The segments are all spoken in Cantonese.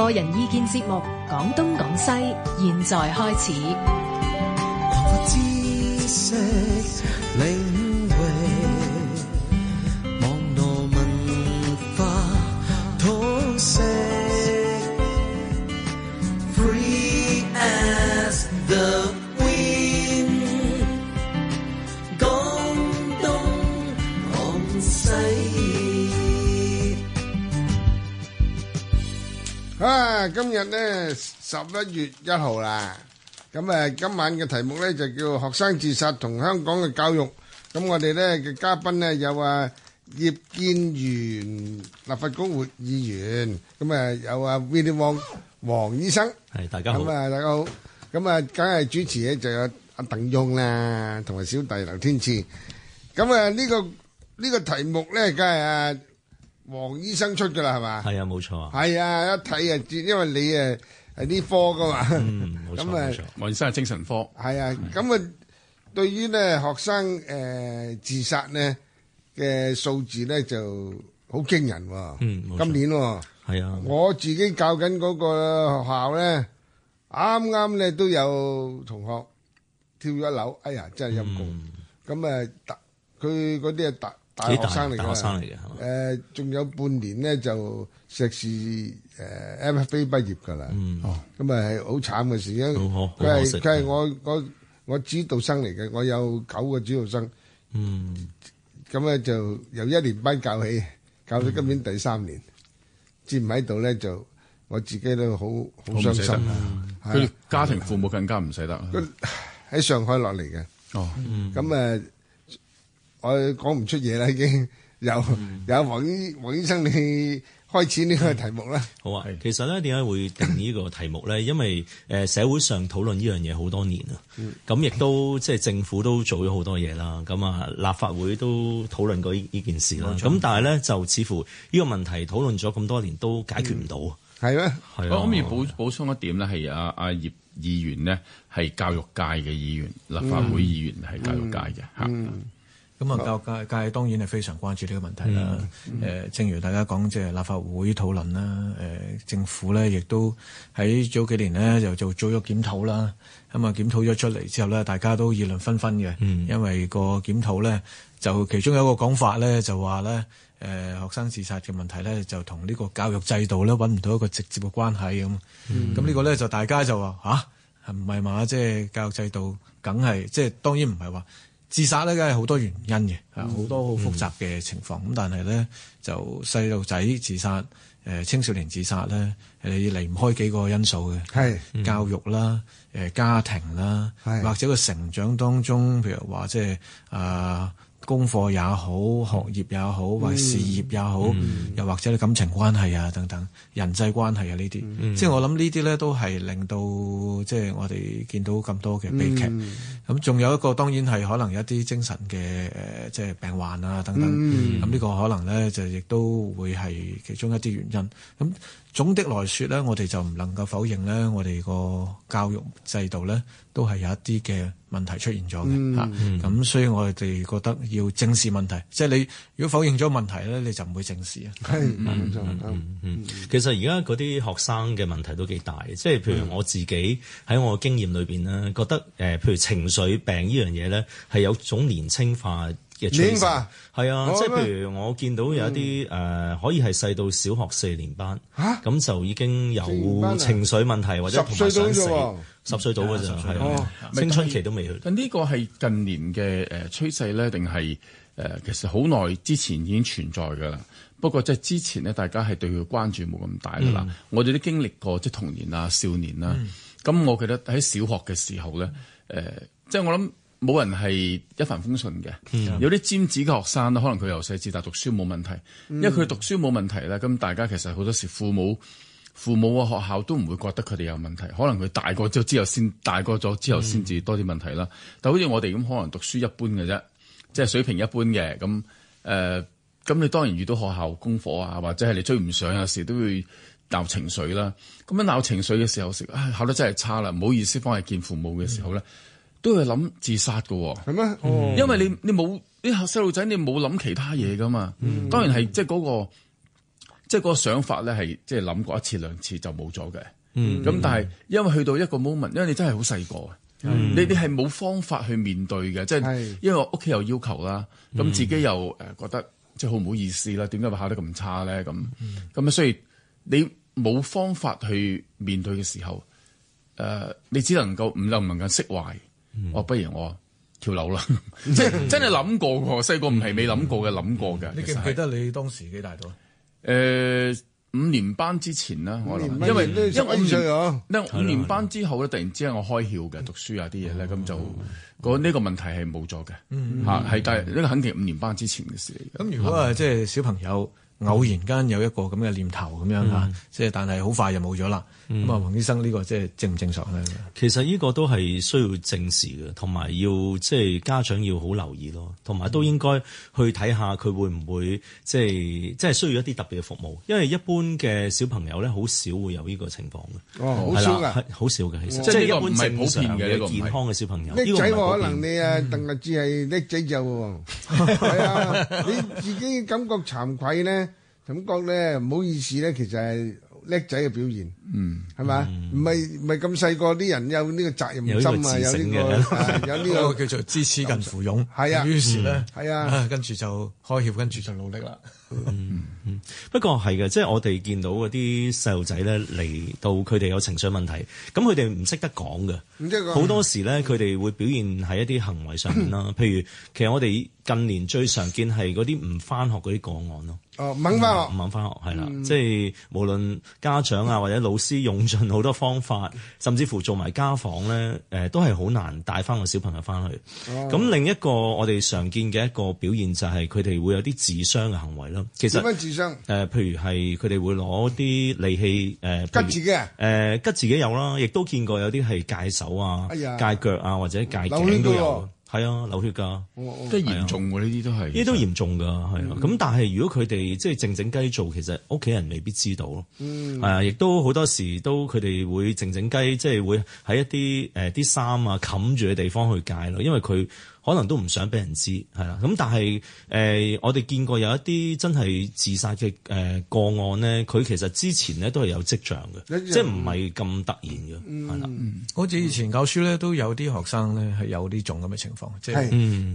個人意見節目《講東講西》，現在開始。今日咧十一月一號啦，咁啊今晚嘅題目咧就叫學生自殺同香港嘅教育，咁我哋咧嘅嘉賓咧有啊葉建源立法會議員，咁啊有啊 William 黃醫生，係。大家好啊。大家好，咁啊梗係主持咧就有阿鄧涌啦，同埋小弟劉天賜，咁啊呢個呢個題目咧梗係啊。王醫生出噶啦，係嘛？係啊，冇錯啊。係啊，一睇啊，因為你啊，係呢科噶嘛。嗯，冇錯。王醫生係精神科。係啊，咁啊，啊對於呢學生誒、呃、自殺呢嘅數字咧就好驚人喎、哦。嗯，今年喎、哦、係啊，我自己教緊嗰個學校咧，啱啱咧都有同學跳咗樓。哎呀，真係陰功。咁啊、嗯，佢嗰啲啊。特、嗯。大學生嚟嘅，誒，仲有半年咧，就碩士誒 MFA 畢業噶啦，咁啊係好慘嘅事，佢係佢係我我我指導生嚟嘅，我有九個指導生，咁咧就由一年班教起，教到今年第三年，接唔喺度咧就我自己都好好傷心，佢哋家庭父母更加唔捨得，佢喺上海落嚟嘅，咁誒。我講唔出嘢啦，已經有有黃醫黃醫生，你開始呢個題目啦。好啊，其實咧，點解會定呢個題目咧？ 因為誒，社會上討論呢樣嘢好多年啦。咁亦 都即係政府都做咗好多嘢啦。咁啊，立法會都討論過呢件事啦。咁 但係咧，就似乎呢個問題討論咗咁多年都解決唔到。係咧 嗎，啊、我可唔可以補補充一點咧？係啊，阿葉議員呢，係教育界嘅議員，嗯、立法會議員係教育界嘅吓。嗯是嗯咁啊，教育界當然係非常關注呢個問題啦，嗯呃。正如大家講，即、就、係、是、立法會討論啦，呃，政府咧亦都喺早幾年咧就做做咗檢討啦。咁啊，檢討咗出嚟之後咧，大家都議論紛紛嘅。嗯、因為個檢討咧，就其中有一個講法咧，就話咧，誒、呃，學生自殺嘅問題咧，就同呢個教育制度咧搵唔到一個直接嘅關係咁。咁、嗯、呢個咧就大家就話吓，唔係嘛？即係、就是、教育制度梗係，即、就、係、是、當然唔係話。自殺咧，梗係好多原因嘅，好多好複雜嘅情況。咁、嗯嗯、但係咧，就細路仔自殺、呃，青少年自殺咧，你離唔開幾個因素嘅，嗯、教育啦、呃，家庭啦，係或者個成長當中，譬如話即係啊。呃功課也好，學業也好，或事業也好，嗯、又或者感情關係啊，等等，人際關係啊呢啲，即係我諗呢啲咧都係令到即係我哋見到咁多嘅悲劇。咁仲、嗯嗯、有一個當然係可能有一啲精神嘅誒、呃，即係病患啊等等。咁呢、嗯嗯、個可能咧就亦都會係其中一啲原因。咁、嗯、總的來說咧，我哋就唔能夠否認咧，我哋個教育制度咧都係有一啲嘅問題出現咗嘅嚇，咁、嗯、所以我哋覺得要正視問題，嗯、即係你如果否認咗問題咧，你就唔會正視啊。係咁，嗯嗯，其實而家嗰啲學生嘅問題都幾大嘅，即係譬如我自己喺我嘅經驗裏邊咧，嗯、覺得誒，譬如情緒病呢樣嘢咧，係有種年輕化。明白，係啊，即係譬如我見到有一啲誒，可以係細到小學四年班，咁就已經有情緒問題或者同埋想死，十歲到嘅啫，係青春期都未去。咁呢個係近年嘅誒趨勢咧，定係誒其實好耐之前已經存在噶啦。不過即係之前咧，大家係對佢關注冇咁大噶啦。我哋都經歷過即係童年啊、少年啦。咁我記得喺小學嘅時候咧，誒，即係我諗。冇人係一帆風順嘅，的有啲尖子嘅學生可能佢由細至大讀書冇問題，嗯、因為佢讀書冇問題咧。咁大家其實好多時父母、父母啊、學校都唔會覺得佢哋有問題，可能佢大個咗之後先大個咗之後先至多啲問題啦。嗯、但好似我哋咁，可能讀書一般嘅啫，即係水平一般嘅。咁誒，咁、呃、你當然遇到學校功課啊，或者係你追唔上，有時，都會鬧情緒啦。咁樣鬧情緒嘅時候，食考得真係差啦，唔好意思，返去見父母嘅時候咧。嗯都係諗自殺嘅喎，係咩？哦、因為你你冇啲細路仔，你冇諗其他嘢噶嘛。嗯、當然係即係嗰個即係嗰個想法咧，係即係諗過一次兩次就冇咗嘅。咁、嗯、但係因為去到一個 moment，因為你真係好細個，你哋係冇方法去面對嘅。即、就、係、是、因為屋企有要求啦，咁是自己又誒覺得即係好唔好意思啦。點解會考得咁差咧？咁咁咁所以你冇方法去面對嘅時候，誒、呃、你只能夠唔能唔能釋懷。我、哦、不如我跳樓啦，即 係真係諗過嘅，細個唔係未諗過嘅，諗過嘅。你記唔記得你當時幾大度？誒、呃，五年班之前啦，我諗，因為因為五年班之後咧，突然之間我開竅嘅讀書啊啲嘢咧，咁就呢個問題係冇咗嘅。吓，係但係呢個肯定五年班之前嘅事嚟。咁如果啊，即係的小朋友偶然間有一個咁嘅念頭咁樣啊，即係、嗯、但係好快就冇咗啦。咁啊，黃醫生呢個即係正唔正常咧？其實呢個都係需要正視嘅，同埋要即係家長要好留意咯，同埋都應該去睇下佢會唔會即係即係需要一啲特別嘅服務，因為一般嘅小朋友咧，好少會有呢個情況嘅。哦，好少㗎，好了、啊、少嘅，其實即係、哦、一般唔係普遍嘅健康嘅小朋友。叻仔喎，可能你啊、嗯、鄧達智係叻仔就喎、啊， 啊，你自己感覺慚愧咧，感覺咧唔好意思咧，其實係。叻仔嘅表現，嗯，係咪？唔係唔係咁細個啲人有呢個責任心啊！有呢個有呢個叫做知恥近乎勇。係啊，於是咧，係啊，跟住就開竅，跟住就努力啦。不過係嘅，即係我哋見到嗰啲細路仔咧嚟到，佢哋有情緒問題，咁佢哋唔識得講㗎。好多時咧佢哋會表現喺一啲行為上面啦。譬如，其實我哋近年最常見係嗰啲唔返學嗰啲個案咯。哦，掹翻學，掹翻、嗯、學，係啦，嗯、即係無論家長啊或者老師用盡好多方法，嗯、甚至乎做埋家訪咧，誒、呃，都係好難帶翻個小朋友翻去。咁、哦、另一個我哋常見嘅一個表現就係佢哋會有啲自傷嘅行為咯。其實點樣自傷誒、呃，譬如係佢哋會攞啲利器誒，拮、呃、自己，誒、呃，拮自己有啦，亦都見過有啲係戒手啊，哎、呀戒腳啊，或者戒頸都有。係啊，流血㗎，即係嚴重喎。呢啲、啊、都係呢啲都嚴重㗎，係啊。咁、嗯、但係如果佢哋即係靜靜雞做，其實屋企人未必知道咯。嗯、啊，亦都好多時都佢哋會靜靜雞，即、就、係、是、會喺一啲誒啲衫啊冚住嘅地方去解咯，因為佢。可能都唔想俾人知，係啦。咁但係，誒、呃，我哋見過有一啲真係自殺嘅誒個案呢，佢其實之前呢都係有跡象嘅，嗯、即係唔係咁突然嘅，係啦。好似以前教書咧，都有啲學生咧係有呢種咁嘅情況，嗯、即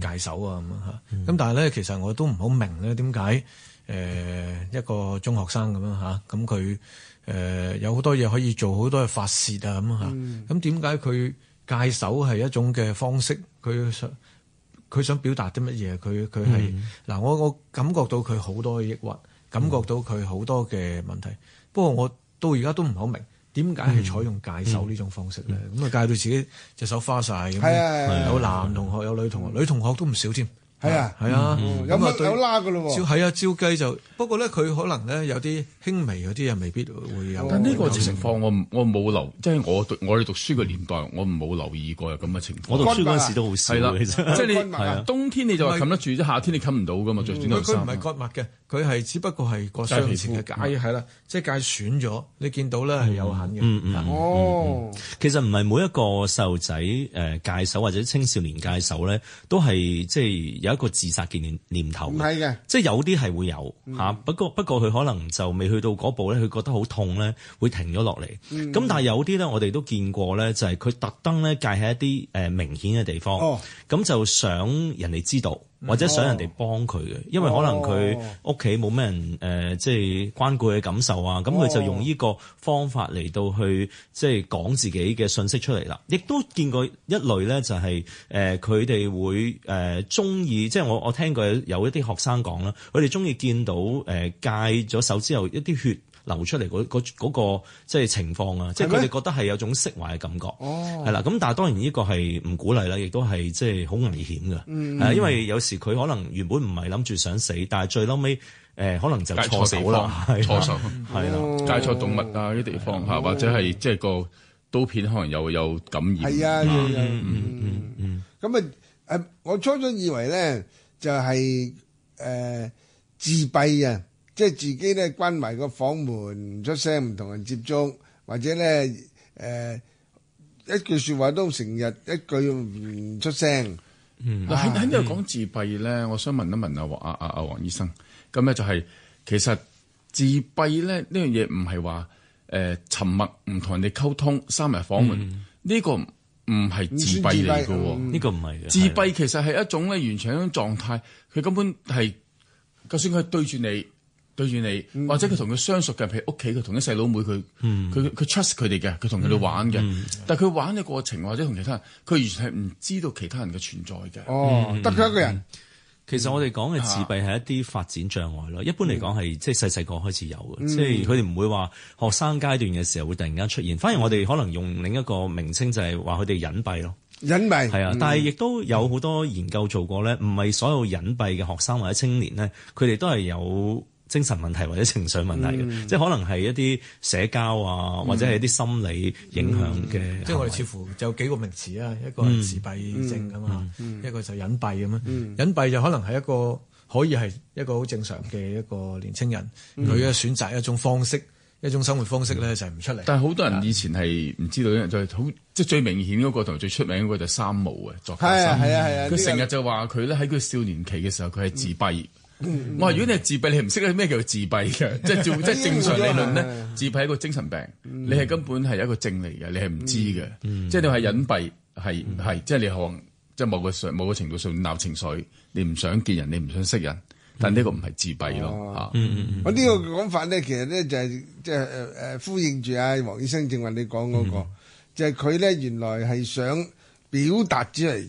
係戒手啊咁啊嚇。咁、嗯、但係咧，其實我都唔好明咧，點解誒一個中學生咁樣嚇，咁佢誒有好多嘢可以做好多嘅發泄啊咁啊嚇。咁點解佢戒手係一種嘅方式？佢佢想表達啲乜嘢？佢佢係嗱，我我感覺到佢好多嘅抑鬱，感覺到佢好多嘅問題。嗯、不過我到而家都唔好明，點解係採用戒手呢種方式咧？咁啊、嗯嗯、戒到自己隻手花曬，咁有男同學有女同學，啊、女同學都唔少添。係啊，係啊，咁有有拉嘅咯喎。係啊，照計就不過咧，佢可能咧有啲輕微嗰啲嘢，未必會有。但呢個情況，我我冇留，即係我我哋讀書嘅年代，我冇留意過有咁嘅情況。我讀書嗰陣時都好細，係啦，其實即係你冬天你就話冚得住，啫，夏天你冚唔到㗎嘛，著短。佢唔係割脈嘅，佢係只不過係個傷。皮膚係，係啦，即係界損咗，你見到咧係有痕嘅。其實唔係每一個細路仔誒界手或者青少年界手咧，都係即係有。一個自殺嘅念念頭，唔係嘅，即係有啲係會有吓，嗯、不過不過佢可能就未去到嗰步，咧，佢覺得好痛咧，會停咗落嚟。咁、嗯、但係有啲咧，我哋都見過咧，就係佢特登咧介喺一啲誒明顯嘅地方，咁、哦、就想人哋知道。或者想人哋幫佢嘅，哦、因為可能佢屋企冇咩人即係關顧佢嘅感受啊，咁佢、哦、就用呢個方法嚟到去即係講自己嘅訊息出嚟啦。亦都見過一類咧、就係呃呃，就係誒佢哋會誒中意，即係我我聽過有一啲學生講啦，佢哋中意見到誒、呃、戒咗手之後一啲血，流出嚟嗰嗰個即係情況啊，即係佢哋覺得係有種釋懷嘅感覺，係啦。咁但係當然呢個係唔鼓勵啦，亦都係即係好危險嘅。嗯，因為有時佢可能原本唔係諗住想死，但係最撈尾誒可能就錯手啦，錯手係啦，解錯動物啊啲地方吓，或者係即係個刀片可能又有感染。係啊，嗯嗯嗯咁啊誒，我初初以為咧就係誒自閉啊。即係自己咧關埋個房門，唔出聲，唔同人接觸，或者咧誒、呃、一句說話都成日一句唔出聲。嗯，嗱，喺喺度講自閉咧，嗯、我想問一問啊，阿阿阿黃醫生，咁咧就係、是、其實自閉咧呢樣嘢唔係話誒沉默唔同人哋溝通，閂埋房門呢、嗯、個唔係自閉嚟嘅，呢個唔係嘅。嗯、自閉其實係一種咧完全一種狀態，佢根本係就算佢對住你。對住你，或者佢同佢相熟嘅，譬如屋企佢同啲細佬妹佢，佢佢 trust 佢哋嘅，佢同佢哋玩嘅。但係佢玩嘅過程或者同其他人，佢完全係唔知道其他人嘅存在嘅。哦，得佢一個人。其實我哋講嘅自閉係一啲發展障礙咯。一般嚟講係即係細細個開始有嘅，即係佢哋唔會話學生階段嘅時候會突然間出現。反而我哋可能用另一個名稱就係話佢哋隱蔽咯，隱蔽係啊。但係亦都有好多研究做過咧，唔係所有隱蔽嘅學生或者青年咧，佢哋都係有精神問題或者情緒問題嘅，即係可能係一啲社交啊，或者係一啲心理影響嘅。即係我哋似乎就幾個名詞啊，一個係自閉症咁啊，一個就隱蔽咁啊。隱蔽就可能係一個可以係一個好正常嘅一個年青人，佢嘅選擇一種方式、一種生活方式咧就係唔出嚟。但係好多人以前係唔知道，就係好即係最明顯嗰個同最出名嗰個就三毛嘅作家。係啊係啊，佢成日就話佢咧喺佢少年期嘅時候佢係自閉。我話如果你係自閉，你唔識咧咩叫自閉嘅。即係照即係正常理論咧，自閉係一個精神病，你係根本係一個症嚟嘅，你係唔知嘅，即係你係隱蔽。係係，即係你可能，即係某個上某個程度上鬧情緒，你唔想見人，你唔想識人，但呢個唔係自閉咯。我呢個講法咧，其實咧就係即係誒誒呼應住阿黃醫生正話你講嗰個，就係佢咧原來係想表達出嚟，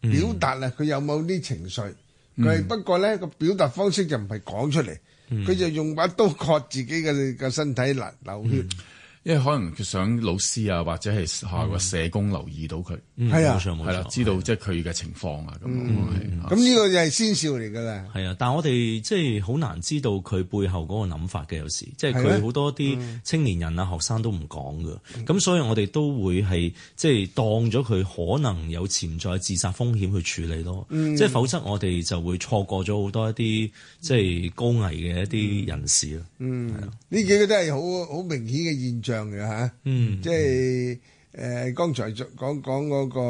表達啊，佢有冇啲情緒。佢不過咧個表達方式就唔係講出嚟，佢就用把刀割自己嘅嘅身體流流血。因為可能佢想老師啊，或者係下個社工留意到佢，係啊，冇錯冇錯，知道即係佢嘅情況啊。咁，咁呢個就係先兆嚟噶啦。係啊，但係我哋即係好難知道佢背後嗰個諗法嘅，有時即係佢好多啲青年人啊、學生都唔講噶。咁所以我哋都會係即係當咗佢可能有潛在自殺風險去處理咯。即係否則我哋就會錯過咗好多一啲即係高危嘅一啲人士咯。嗯，係呢幾個都係好好明顯嘅現象。嘅吓，即係誒，剛才講講嗰個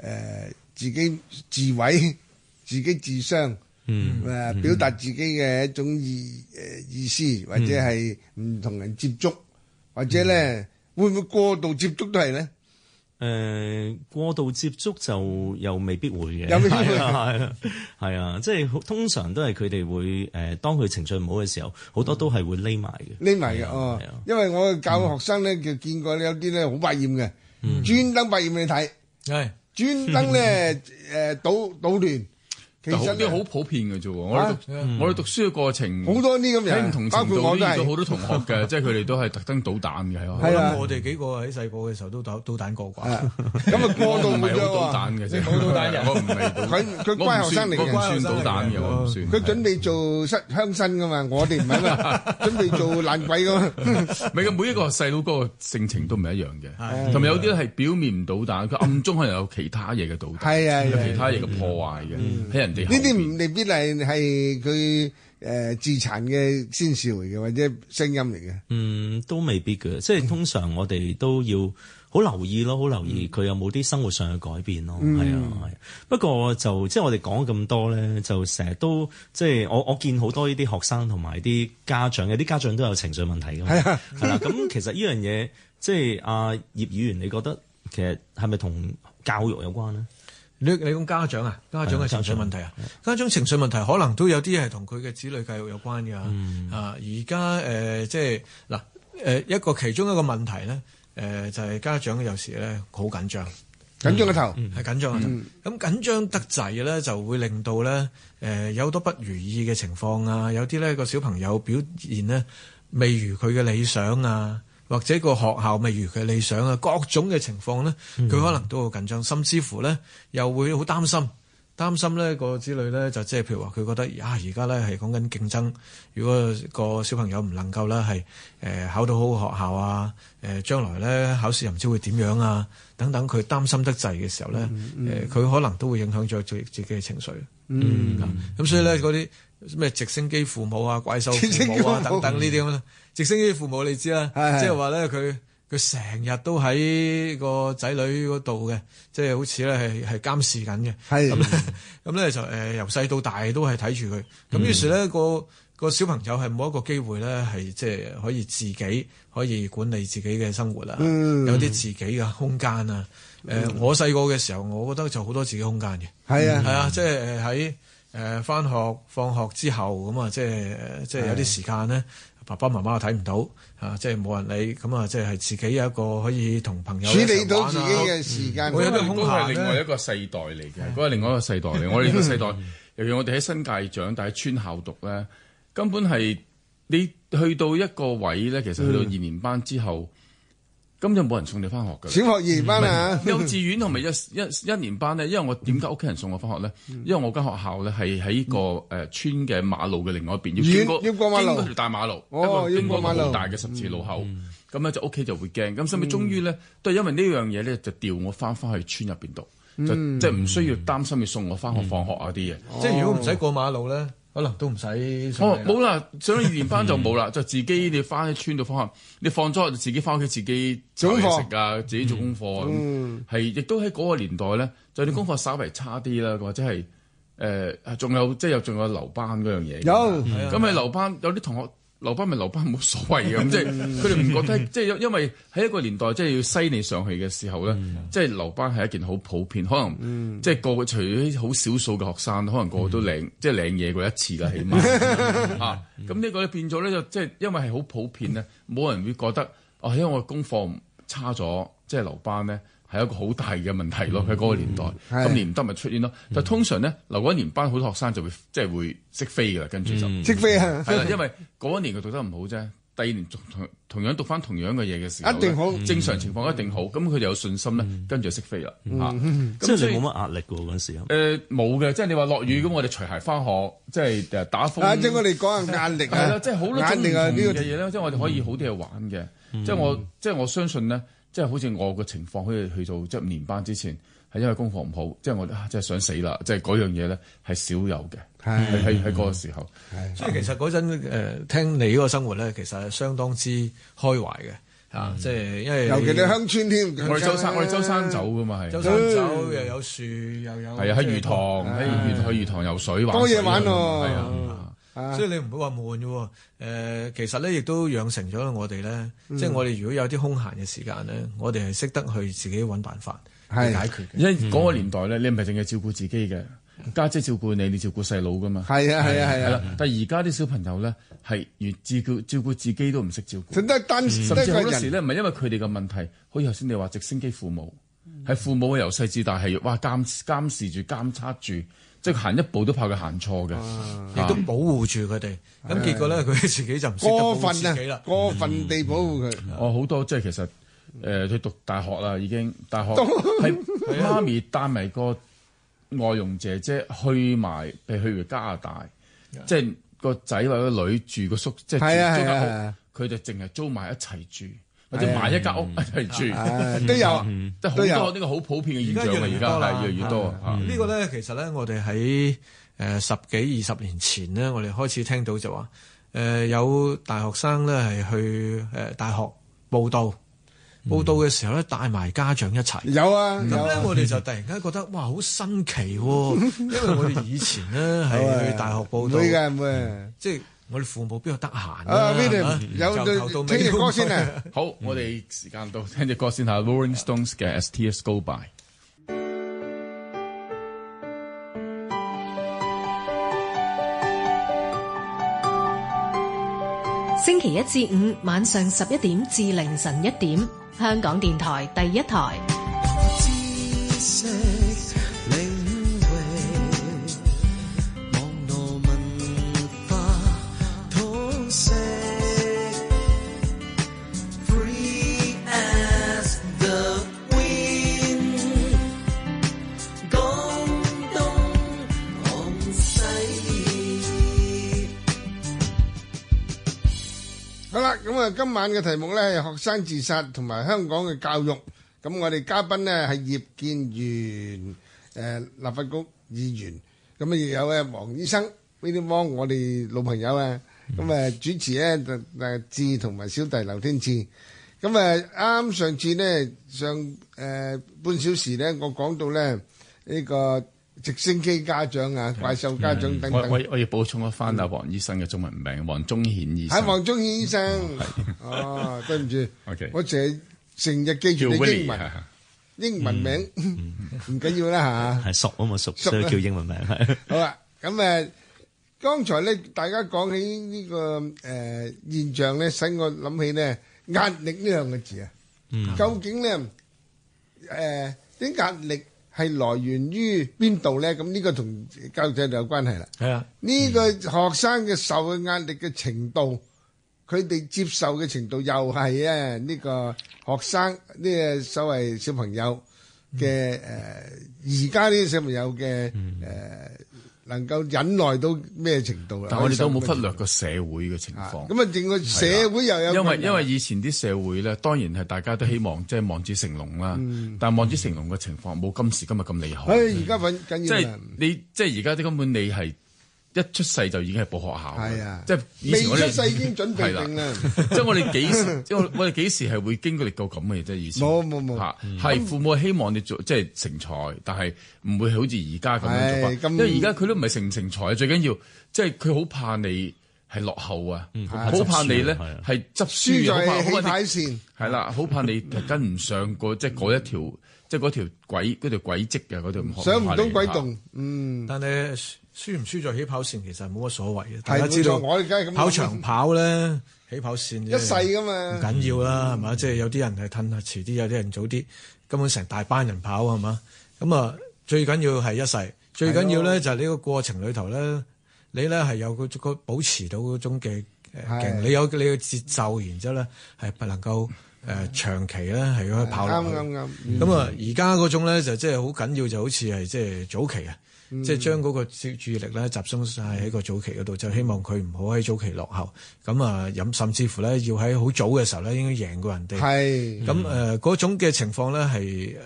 誒，自己自毀、自己自傷，誒，表達自己嘅一種意誒意思，或者係唔同人接觸，或者咧會唔會過度接觸都係咧？誒，過度接觸就未又未必會嘅，係啊，係啊，係啊，即係通常都係佢哋會誒，當佢情緒唔好嘅時候，好多都係會匿埋嘅，匿埋嘅哦，因為我教學生咧，就、嗯、見過有啲咧好百厭嘅，專登百厭俾你睇，係專登咧誒，搗搗亂。 其實呢啲好普遍嘅啫喎！我我哋讀書嘅過程，好多啲咁嘅人，包括我都好多同學嘅，即係佢哋都係特登搗蛋嘅。係啊，我哋幾個喺細個嘅時候都搗搗蛋過啩。咁啊，過到唔係搗蛋嘅，啫。係搗蛋人我唔係。佢佢乖學生嚟嘅，唔算搗蛋嘅，我唔算。佢準備做新鄉紳嘅嘛，我哋唔係啊！準備做爛鬼嘅嘛。唔係每一個細佬哥性情都唔一樣嘅，同埋有啲係表面唔搗蛋，佢暗中可能有其他嘢嘅搗蛋，係啊，有其他嘢嘅破壞嘅，呢啲唔未必係係佢誒自殘嘅先兆嚟嘅，或者聲音嚟嘅。嗯，都未必嘅，即係通常我哋都要好留意咯，好、嗯、留意佢有冇啲生活上嘅改變咯。係、嗯、啊，係、啊。啊啊啊、不過就即係我哋講咁多咧，就成、是、日都即係、就是、我我見好多呢啲學生同埋啲家長有啲家長都有情緒問題噶。係啊，係啦、啊。咁 其實呢樣嘢，即係阿葉議員，你覺得其實係咪同教育有關咧？你你講家長啊，家長嘅情緒問題啊，家長情緒問題可能都有啲係同佢嘅子女教育有關嘅啊。而家誒即係嗱誒一個其中一個問題咧，誒、呃、就係、是、家長有時咧好緊張，緊張個頭係、嗯、緊張個頭。咁、嗯、緊、緊張得滯咧，就會令到咧誒、呃、有好多不如意嘅情況啊，有啲咧、嗰個小朋友表現呢，未如佢嘅理想啊。或者個學校未如佢理想啊，各種嘅情況咧，佢可能都好緊張，甚至乎咧又會好擔心，擔心呢個子女咧就即、是、係譬如話，佢覺得啊而家咧係講緊競爭，如果個小朋友唔能夠呢係考到好嘅學校啊，誒將來咧考試又唔知會點樣啊，等等，佢擔心得滯嘅時候咧，佢、嗯嗯、可能都會影響咗自己嘅情緒。嗯，咁、嗯、所以咧嗰啲咩直升機父母啊、怪獸父母啊等等呢啲咁咧。嗯直升機父母你知啦，即係話咧佢佢成日都喺個仔女嗰度嘅，即、就、係、係、好似咧係係監視緊嘅。咁咁咧就由細、呃、到大都係睇住佢。咁於是咧、嗯個個、個個小朋友係冇一個機會咧係即係可以自己可以管理自己嘅生活啦。嗯、有啲自己嘅空間啊。誒、嗯呃，我細個嘅時候，我覺得就好多自己空間嘅。係啊是的、嗯、啊，即係喺誒返學放學之後咁啊、嗯，即係、呃、即係有啲時間咧。爸爸媽媽睇唔到，啊，即係冇人理，咁啊，即係自己有一個可以同朋友處理到自己嘅時間，冇、嗯、一個空閒咧，嗰個係另外一個世代嚟嘅，嗰係的另外一個世代嚟。的我哋呢個世代， 尤其我哋喺新界長大喺村校讀咧，根本係你去到一個位咧，其實去到二年班之後。的咁就冇人送你翻學噶，小學二班啊，幼稚園同埋一一一年班咧？因為我點解屋企人送我翻學咧？因為我間學校咧係喺個誒村嘅馬路嘅另外一邊，要穿過經過條大馬路，一個好大嘅十字路口，咁咧就屋企就會驚，咁所以咪終於咧都係因為呢樣嘢咧就調我翻翻去村入邊讀，就即係唔需要擔心要送我翻學放學啊啲嘢，即係如果唔使過馬路咧。可能都唔使。哦，冇啦，上咗二年班就冇啦， 就自己你翻去村度放學，你放咗就自己翻屋企自己做嘢食啊，自己做，做功課。嗯，係、嗯，亦都喺嗰個年代咧，就啲功課稍微差啲啦，或者係誒，仲、呃、有即係、就是、有仲有留班嗰樣嘢。有，咁咪、嗯啊、留班，有啲同學。留班咪留班冇所謂嘅，咁即係佢哋唔覺得，即係因因為喺一個年代即係、就是、要篩你上去嘅時候咧，即係留班係一件好普遍，可能即係個個除咗好少數嘅學生，可能個個都領即係領嘢過一次啦，起碼嚇。咁呢 個咧變咗咧，就即、是、係因為係好普遍咧，冇 人會覺得哦，因、哎、為我嘅功課差咗，即係留班咧。係一個好大嘅問題咯，喺嗰個年代，今年唔得咪出年咯。但通常咧，留一年班好多學生就會即係會識飛噶啦，跟住就識飛係啦，因為嗰一年佢讀得唔好啫，第二年同同樣讀翻同樣嘅嘢嘅時候，一定好，正常情況一定好。咁佢就有信心咧，跟住就識飛啦。即係你冇乜壓力噶嗰陣時。誒，冇嘅，即係你話落雨咁，我哋除鞋翻學，即係誒打風。反正我哋講下壓力啊，即係好多唔同嘅嘢咧。即係我哋可以好啲去玩嘅。即係我，即係我相信咧。即係好似我個情況，好似去到即係五年班之前，係因為功課唔好，即係我真係想死啦！即係嗰樣嘢咧係少有嘅，係喺喺個時候。所以其實嗰陣誒聽你嗰個生活咧，其實係相當之開懷嘅吓，即係因為尤其你鄉村添，我哋周山我哋周山走㗎嘛係，周山走又有樹又有係啊喺魚塘喺魚去魚塘游水玩水多嘢玩喎係啊！啊、所以你唔會話悶喎、呃，其實咧亦都養成咗我哋咧，嗯、即係我哋如果有啲空閒嘅時間咧，我哋係識得去自己揾辦法去解決。是因為嗰個年代咧，嗯、你唔係淨係照顧自己嘅，家姐，姐照顧你，你照顧細佬噶嘛。係啊係啊係。係啦，但係而家啲小朋友咧係越照顧照顧自己都唔識照顧得。但係實際好多時咧，唔係因為佢哋嘅問題，好似頭先你話直升機父母，係父母由細至大係哇監監視住監察住。即係行一步都怕佢行錯嘅，亦都保護住佢哋。咁結果咧，佢自己就唔過分啦，過分地保護佢。哦，好多即係其實誒，佢讀大學啦，已經大學係媽咪帶埋個外傭姐姐去埋，譬如去加拿大，即係個仔或者個女住個宿，即係租間屋，佢就淨係租埋一齊住。或者買一間屋係住都有，都好多。呢個好普遍嘅現象，而家越嚟越多呢個咧。其實咧，我哋喺誒，十幾二十年前咧，我哋開始聽到就話誒，有大學生咧係去誒大學報道，報道嘅時候咧，帶埋家長一齊。有啊，咁咧我哋就突然間覺得哇，好新奇，因為我哋以前咧係去大學報道，唔會嘅，唔會即係。我哋父母邊度得閒啊？有聽隻歌先啊！好，我哋時間到，聽隻歌先吓。Rolling Stones 嘅《As Tears Go By》。星期一至五晚上十一點至凌晨一點，香港電台第一台。咁啊，今晚嘅題目咧，係學生自殺同埋香港嘅教育。咁我哋嘉賓咧，係葉建源誒立法局議員。咁啊，又有咧，黃醫生，俾啲幫我哋老朋友啊。咁啊，主持咧就達智同埋小弟劉天賜。咁啊，啱上次咧，上誒半小時咧，我講到咧呢個。直升機家長啊，怪獸家長等等。我我我要補充一翻啊，黃醫生嘅中文名黃宗顯醫生。係黃宗顯醫生。哦，對唔住，我淨係成日記住你英文英文名，唔緊要啦吓。係熟啊嘛熟，所以叫英文名。好啊，咁誒，剛才咧大家講起呢個誒現象咧，使我諗起咧壓力呢兩個字啊。嗯。究竟咧誒啲壓力？係來源於邊度咧？咁呢個同教育制度有關係啦。係啊，呢個學生嘅受嘅壓力嘅程度，佢哋，嗯、接受嘅程度又係啊，呢個學生呢，呢個所謂小朋友嘅誒，而家呢啲小朋友嘅誒能夠忍耐到咩程度啊？但係我哋都冇忽略個社會嘅情況。咁啊，整個社會又有、啊。因為因為以前啲社會咧，當然係大家都希望即係望子成龍啦。嗯、但望子成龍嘅情況冇、嗯、今時今日咁厲害。唉、哎，而家緊即係你即係而家啲根本你係。一出世就已經係報學校，係啊，即係未出世已經準備定啦。即係我哋幾，我我哋幾時係會經歷過咁嘅嘢？即係意思，冇冇冇，係父母希望你做，即係成才，但係唔會好似而家咁樣做，因為而家佢都唔係成唔成才，最緊要即係佢好怕你係落後啊，好怕你咧係執輸在起跑線，係啦，好怕你跟唔上個即係嗰一條，即係嗰條軌嗰條軌跡嘅嗰條。想唔到鬼洞，嗯，但係。輸唔輸咗起跑線，其實冇乜所謂嘅，大家知道我跑長跑咧，起跑線一世噶嘛，唔緊要啦，係嘛、嗯，吧即係有啲人係褪下遲啲有啲人早啲，根本成大班人跑係嘛，咁啊，最緊要係一世，的最緊要咧就係、是、呢個過程裏頭咧，你咧係有個個保持到嗰種嘅誒勁，你有你嘅節奏，然之後咧係不能夠誒的、呃、長期咧係去跑去。啱啱啱。咁啊，而家嗰種咧就即係好緊要，就好似係即係早期啊。即係將嗰個注注意力咧集中晒喺個早期嗰度，就希望佢唔好喺早期落後。咁啊，甚至乎咧要喺好早嘅時候咧，應該贏過人哋。係咁誒，嗰、嗯呃、種嘅情況咧，係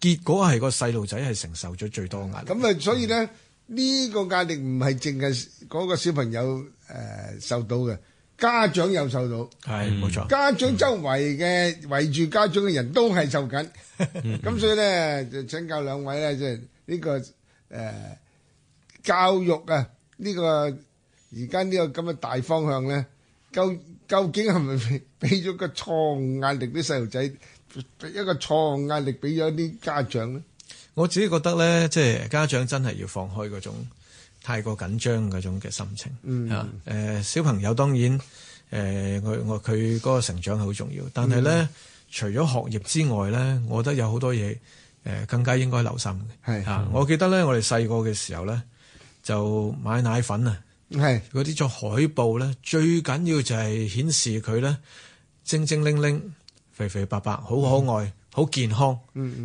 結果係個細路仔係承受咗最多壓力。咁啊、嗯，所以咧呢、呢個壓力唔係淨係嗰個小朋友誒、呃、受到嘅，家長又受到。係冇錯，錯家長周圍嘅圍住家長嘅人都係受緊。咁 所以咧就請教兩位咧，即係呢個。誒、呃，教育啊，呢、這個而家呢個咁嘅大方向咧，究究竟係咪俾咗個錯誤壓力啲細路仔，一個錯誤壓力俾咗啲家長咧？我自己覺得咧，即、就、係、是、家長真係要放開嗰種太過緊張嗰種嘅心情。嗯誒、mm hmm. 呃，小朋友當然，誒、呃，我我佢個成長好重要，但係咧，mm hmm. 除咗學業之外咧，我覺得有好多嘢。誒更加應該留心嘅。係啊，我記得咧，我哋細個嘅時候咧，就買奶粉啊。係嗰啲做海報咧，最緊要就係顯示佢咧，精精靈靈、肥肥白白，好可愛，好健康。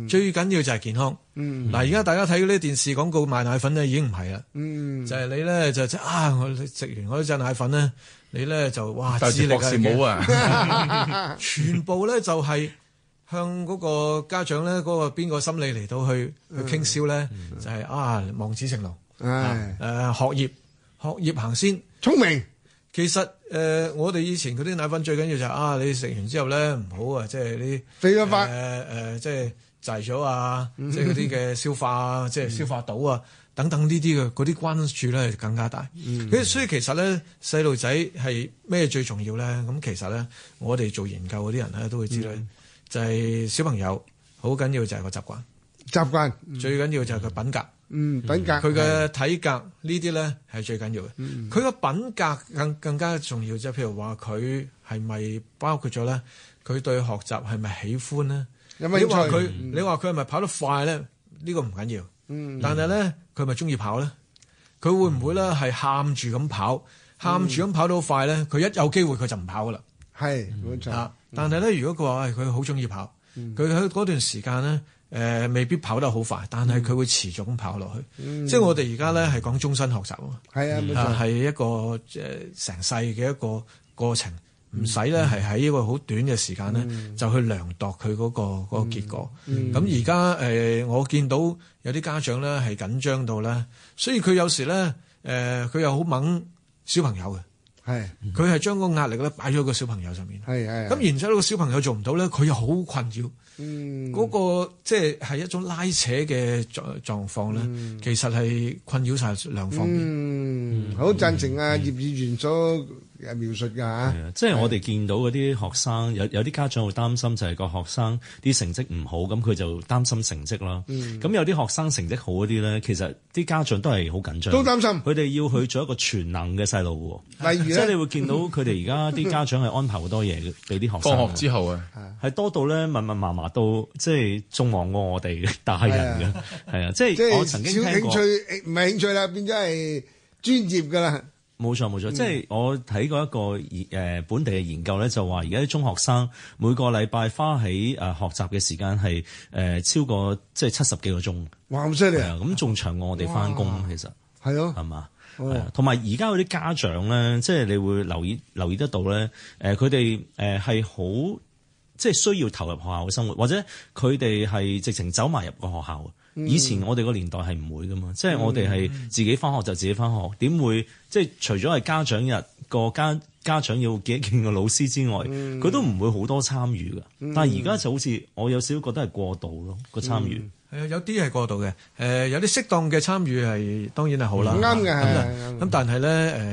最緊要就係健康。嗱，而家大家睇嗰啲電視廣告賣奶粉咧，已經唔係啦。嗯。就係你咧，就啊！我食完我一隻奶粉咧，你咧就哇，智力係冇啊！全部咧就係。向嗰個家長咧，嗰、那個邊個心理嚟到去去傾銷咧？嗯、就係、是、啊，望子成龍，誒、哎啊、學業學業行先，聰明。其實誒、呃，我哋以前嗰啲奶粉最緊要就係啊，你食完之後咧唔好啊，即係你肥咗塊誒即係滯咗啊，即係嗰啲嘅消化啊，即係消化道啊，等等呢啲嘅嗰啲關注咧更加大、嗯所。所以其實咧細路仔係咩最重要咧？咁其實咧，我哋做研究嗰啲人咧都會知道。嗯就係小朋友好緊要就係個習慣，習慣、嗯、最緊要就係佢品格，嗯，品格佢嘅、嗯、體格的呢啲咧係最緊要嘅，佢個、嗯、品格更更加重要。就譬如話佢係咪包括咗咧？佢對學習係咪喜歡咧？你話佢，你話佢係咪跑得快咧？呢、呢個唔緊要，嗯、但係咧佢咪中意跑咧？佢、嗯、會唔會咧係喊住咁跑，喊住咁跑得好快咧？佢一有機會佢就唔跑噶啦，係，冇錯。但係咧，如果佢話，佢好中意跑，佢喺嗰段時間咧，誒、呃，未必跑得好快，但係佢會持續咁跑落去。嗯、即係我哋而家咧係講終身學習喎，係啊、嗯，冇錯，係一個誒、呃、成世嘅一個過程，唔使咧係喺一個好短嘅時間咧、嗯、就去量度佢嗰、嗰個嗰、嗰個、結果。咁而家誒，我見到有啲家長咧係緊張到咧，所以佢有時咧，誒、呃，佢又好猛小朋友嘅。係，佢係將個壓力咧擺咗個小朋友上面，係係。咁然之後呢個小朋友做唔到咧，佢又好困擾，嗰、嗯那個即係係一種拉扯嘅狀狀況咧，嗯、其實係困擾晒兩方面。好、嗯、贊成啊，嗯、葉議員所描述即係、啊啊就是、我哋見到嗰啲學生，有有啲家長會擔心，就係個學生啲成績唔好，咁佢就擔心成績啦咁、嗯、有啲學生成績好嗰啲咧，其實啲家長都係好緊張，都擔心。佢哋要去做一個全能嘅細路喎，例如即係、啊就是、你會見到佢哋而家啲家長係安排好多嘢俾啲學生。放學之後啊，係多到咧密密麻麻到即係縱橫過我哋大人嘅，係啊，即係即係小興趣唔係興趣啦，變咗係專業㗎啦。冇錯冇錯，即係我睇過一個誒本地嘅研究咧，就話而家啲中學生每個禮拜花喺誒學習嘅時間係誒超過即係七十幾個鐘。哇咁犀利啊！咁仲長過我哋翻工，其實係咯，係嘛？係啊，同埋而家嗰啲家長咧，即係你會留意留意得到咧，誒佢哋誒係好即係需要投入學校嘅生活，或者佢哋係直情走埋入個學校。以前我哋個年代係唔會㗎嘛，即係、嗯、我哋係自己返學就自己返學，點、嗯、會即係、就是、除咗係家長日個家家長要見一見個老師之外，佢、嗯、都唔會好多參與㗎。嗯、但係而家就好似我有少少覺得係過度咯個參與。嗯、係啊，有啲係過度嘅。誒，有啲適當嘅參與係當然係好啦，啱嘅。咁但係咧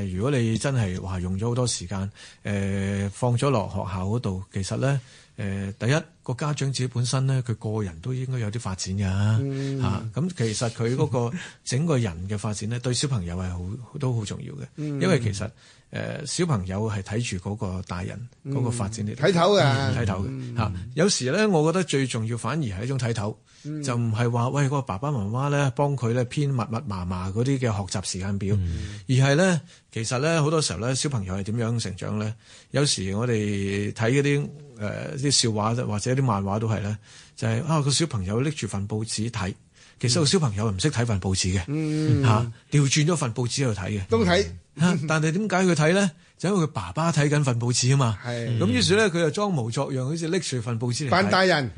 誒，如果你真係話用咗好多時間誒放咗落學校嗰度，其實咧誒第一。個家長自己本身咧，佢個人都應該有啲發展㗎、啊、咁、嗯啊、其實佢嗰個整個人嘅發展咧， 對小朋友係好都好重要嘅。嗯、因為其實、呃、小朋友係睇住嗰個大人嗰個發展嚟睇、嗯、頭嘅，睇、嗯、頭嘅、嗯啊、有時咧，我覺得最重要反而係一種睇頭。就唔係話喂，個爸爸媽媽咧幫佢咧編密密麻麻嗰啲嘅學習時間表，嗯、而係咧其實咧好多時候咧小朋友係點樣成長咧？有時我哋睇嗰啲誒啲笑話或者啲漫畫都係咧，就係、是、啊、個小朋友拎住份報紙睇，其實個小朋友唔識睇份報紙嘅嚇，調、嗯啊、轉咗份報紙喺度睇嘅都睇看 但係點解佢睇咧？因為佢爸爸睇緊份報紙啊嘛，咁於是咧佢就裝模作樣，好似拎住份報紙嚟扮大人。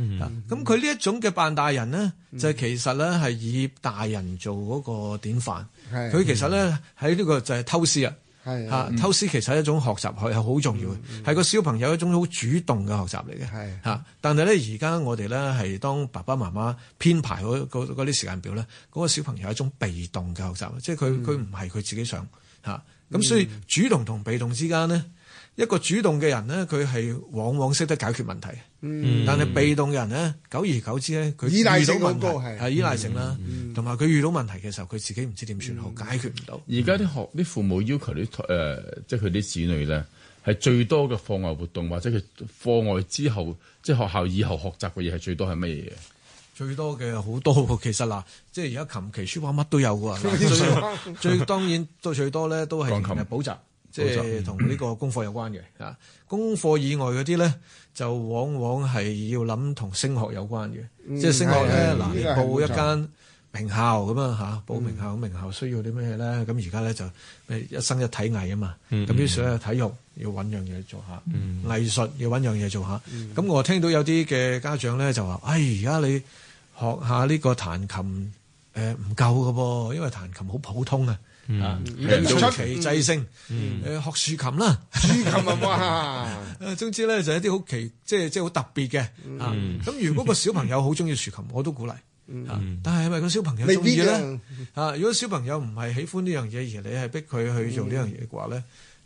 咁佢呢一種嘅扮大人咧，就其實咧係以大人做嗰個典範。佢其實咧喺呢個就係偷師啊，吓，偷師其實係一種學習，佢係好重要嘅，係個小朋友一種好主動嘅學習嚟嘅。吓，但係咧而家我哋咧係當爸爸媽媽編排嗰啲時間表咧，嗰個小朋友係一種被動嘅學習，即係佢佢唔係佢自己想吓。咁所以主動同被動之間咧，嗯、一個主動嘅人咧，佢係往往識得解決問題，嗯、但係被動嘅人咧，久而久之咧，佢遇到問題係依賴性啦，同埋佢遇到問題嘅時候，佢自己唔知點算好，嗯、解決唔到。而家啲學啲父母要求啲誒、即係佢啲子女咧，係最多嘅課外活動或者佢課外之後即係、即係、學校以後學習嘅嘢係最多係乜嘢？最多嘅好多其實嗱，即係而家琴棋書畫乜都有㗎。最當然都最多咧，都係補習，即係同呢個功課有關嘅。功課以外嗰啲咧，就往往係要諗同升學有關嘅，即係升學咧嗱，你報一間名校咁啊嚇，報名校，名校需要啲咩咧？咁而家咧就一生一體藝啊嘛，咁於是咧，體育要揾樣嘢做下，藝術要揾樣嘢做下。咁我聽到有啲嘅家長咧就話：哎，而家你學下呢個彈琴，誒唔夠㗎噃，因為彈琴好普通啊，係出奇制勝。誒、嗯嗯呃，學豎琴啦，豎琴啊，總之咧就係、一啲好奇，即係即係好特別嘅。咁、嗯啊、如果個小朋友好中意豎琴，我都鼓勵。嗯、但係係咪個小朋友中意咧？啊，啊，如果小朋友唔係喜歡呢樣嘢，而你係逼佢去做呢樣嘢嘅話咧，誒、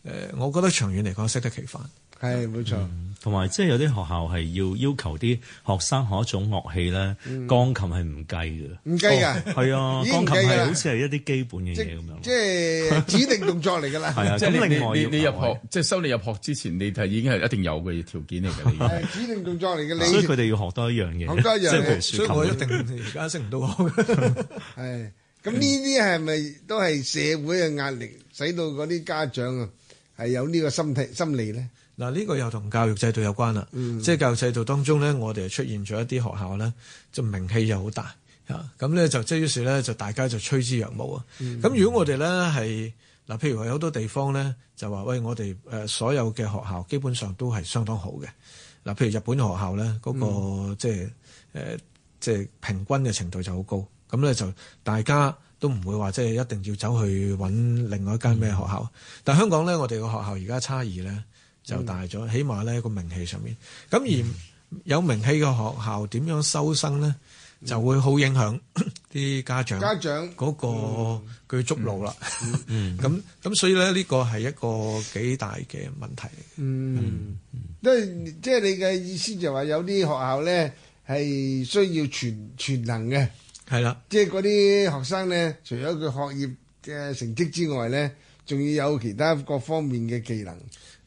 呃，我覺得長遠嚟講適得其反。係冇錯，同埋即係有啲學校係要要求啲學生學一種樂器咧，鋼琴係唔計㗎，唔計㗎，係啊，鋼琴係好似係一啲基本嘅嘢咁樣，即係指定動作嚟噶啦。係啊，咁另外要你入學，即係收你入學之前，你就已經係一定有嘅條件嚟嘅。指定動作嚟嘅，所以佢哋要學多一樣嘢，學多一樣嘢，所以我一定而家識唔到係咁呢啲係咪都係社會嘅壓力，使到嗰啲家長啊係有呢個心態心理咧？嗱，呢個又同教育制度有關啦。嗯、即係教育制度當中咧，我哋出現咗一啲學校咧，就名氣又好大吓咁咧、嗯、就即於是咧，就大家就趨之若鶩啊。咁、嗯、如果我哋咧係嗱，譬如有好多地方咧，就話喂，我哋、呃、所有嘅學校基本上都係相當好嘅。嗱，譬如日本學校咧，嗰、那個、嗯、即係、呃、即係平均嘅程度就好高。咁咧就大家都唔會話即係一定要走去揾另外一間咩學校。嗯、但香港咧，我哋個學校而家差異咧。就大咗，起碼咧個名氣上面。咁而有名氣嘅學校點樣收生咧，嗯、就會好影響啲、嗯、家長家長嗰個佢、嗯、捉路啦。咁咁、嗯嗯、 所以咧，呢、呢個係一個幾大嘅問題。嗯，嗯嗯即係你嘅意思就話有啲學校咧係需要全全能嘅，係啦的，即係嗰啲學生咧，除咗佢學業嘅成績之外咧，仲要有其他各方面嘅技能。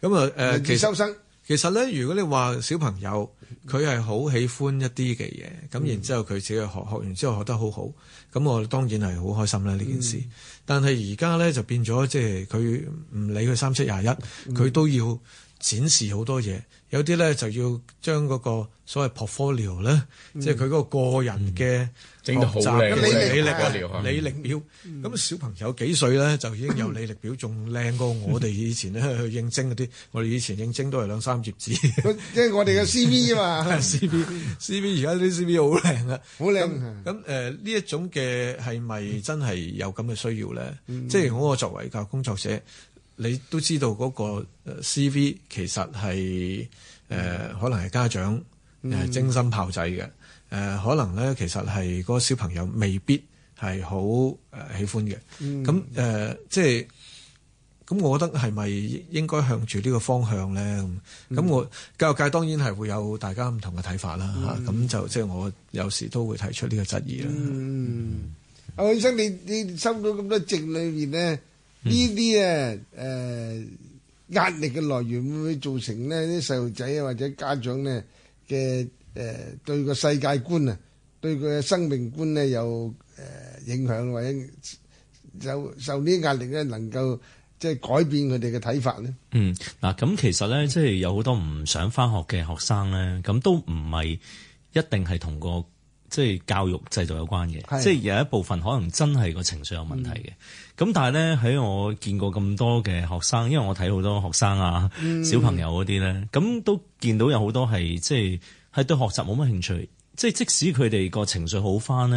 咁啊誒，其實其實咧，如果你話小朋友，佢係好喜歡一啲嘅嘢，咁然之後佢自己學、嗯、學完之後學得好好，咁我當然係好開心啦、嗯、呢件事。但係而家咧就變咗，即係佢唔理佢三七廿一，佢都要。嗯展示好多嘢，有啲咧就要將嗰個所謂 portfolio 咧，即係佢嗰個個人嘅整到好靚履歷表，履歷表。咁小朋友幾歲咧就已經有履歷表，仲靚過我哋以前咧去應徵嗰啲。我哋以前應徵都係兩三頁紙，即係我哋嘅 CV 啊嘛。CV，CV 而家啲 CV 好靚啊，好靚。咁誒呢一種嘅係咪真係有咁嘅需要咧？即係如果我作為個工作者你都知道嗰個 CV 其實係誒、呃、可能係家長誒、呃、精心炮製嘅誒、呃，可能咧其實係嗰個小朋友未必係好喜歡嘅。咁誒、嗯呃、即係咁，我覺得係咪應該向住呢個方向咧？咁咁，我、嗯、教育界當然係會有大家唔同嘅睇法啦。咁、嗯、就即係我有時都會提出呢個質疑啦。嗯，阿醫、嗯啊、生，你你收到咁多證裏面咧？呢啲啊，誒、嗯、壓力嘅來源會唔會造成呢啲細路仔啊，或者家長咧嘅誒對個世界觀啊，對佢嘅生命觀咧有誒影響，或者受受呢啲壓力咧能夠即係改變佢哋嘅睇法咧？嗯，嗱咁其實咧，即係有好多唔想返學嘅學生咧，咁都唔係一定係同個即係教育制度有關嘅，即係的有一部分可能真係個情緒有問題嘅。嗯咁但係咧喺我見過咁多嘅學生，因為我睇好多學生啊、小朋友嗰啲咧，咁、嗯、都見到有好多係即係係對學習冇乜興趣，即、就、係、是、即使佢哋個情緒好翻咧，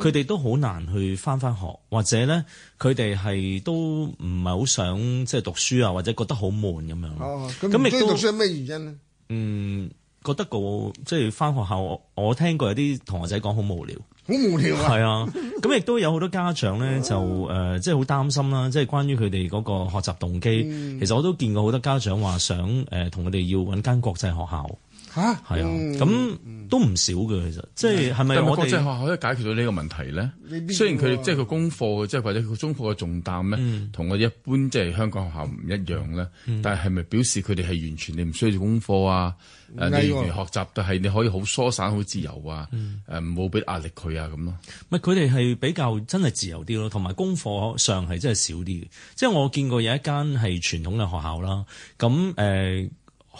佢哋、嗯、都好難去翻翻學，或者咧佢哋係都唔係好想即係、就是、讀書啊，或者覺得好悶咁樣。哦，咁唔中意讀書咩原因咧？嗯，覺得、那個即係翻學校，我聽過有啲同學仔講好無聊。好無聊啊！係啊，咁亦都有好多家長咧、 呃，就呃即係好擔心啦，即、就、係、是、關於佢哋嗰個學習動機。嗯、其實我都見過好多家長話想呃同佢哋要搵間國際學校。嚇，係啊，咁都唔少嘅其實，即係係咪我哋國際學校可以解決到呢個問題咧？雖然佢即係佢功課即係或者佢中課嘅重擔咧，同我一般即係香港學校唔一樣咧。但係咪表示佢哋係完全你唔需要功課啊？誒，你學學習都係你可以好疏散好自由啊？唔好俾壓力佢啊咁咯。唔係佢哋係比較真係自由啲咯，同埋功課上係真係少啲嘅。即係我見過有一間係傳統嘅學校啦，咁，誒。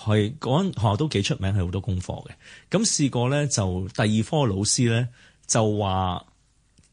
係嗰間、那個、學校都幾出名，係好多功課嘅。咁試過咧，就第二科老師咧就話，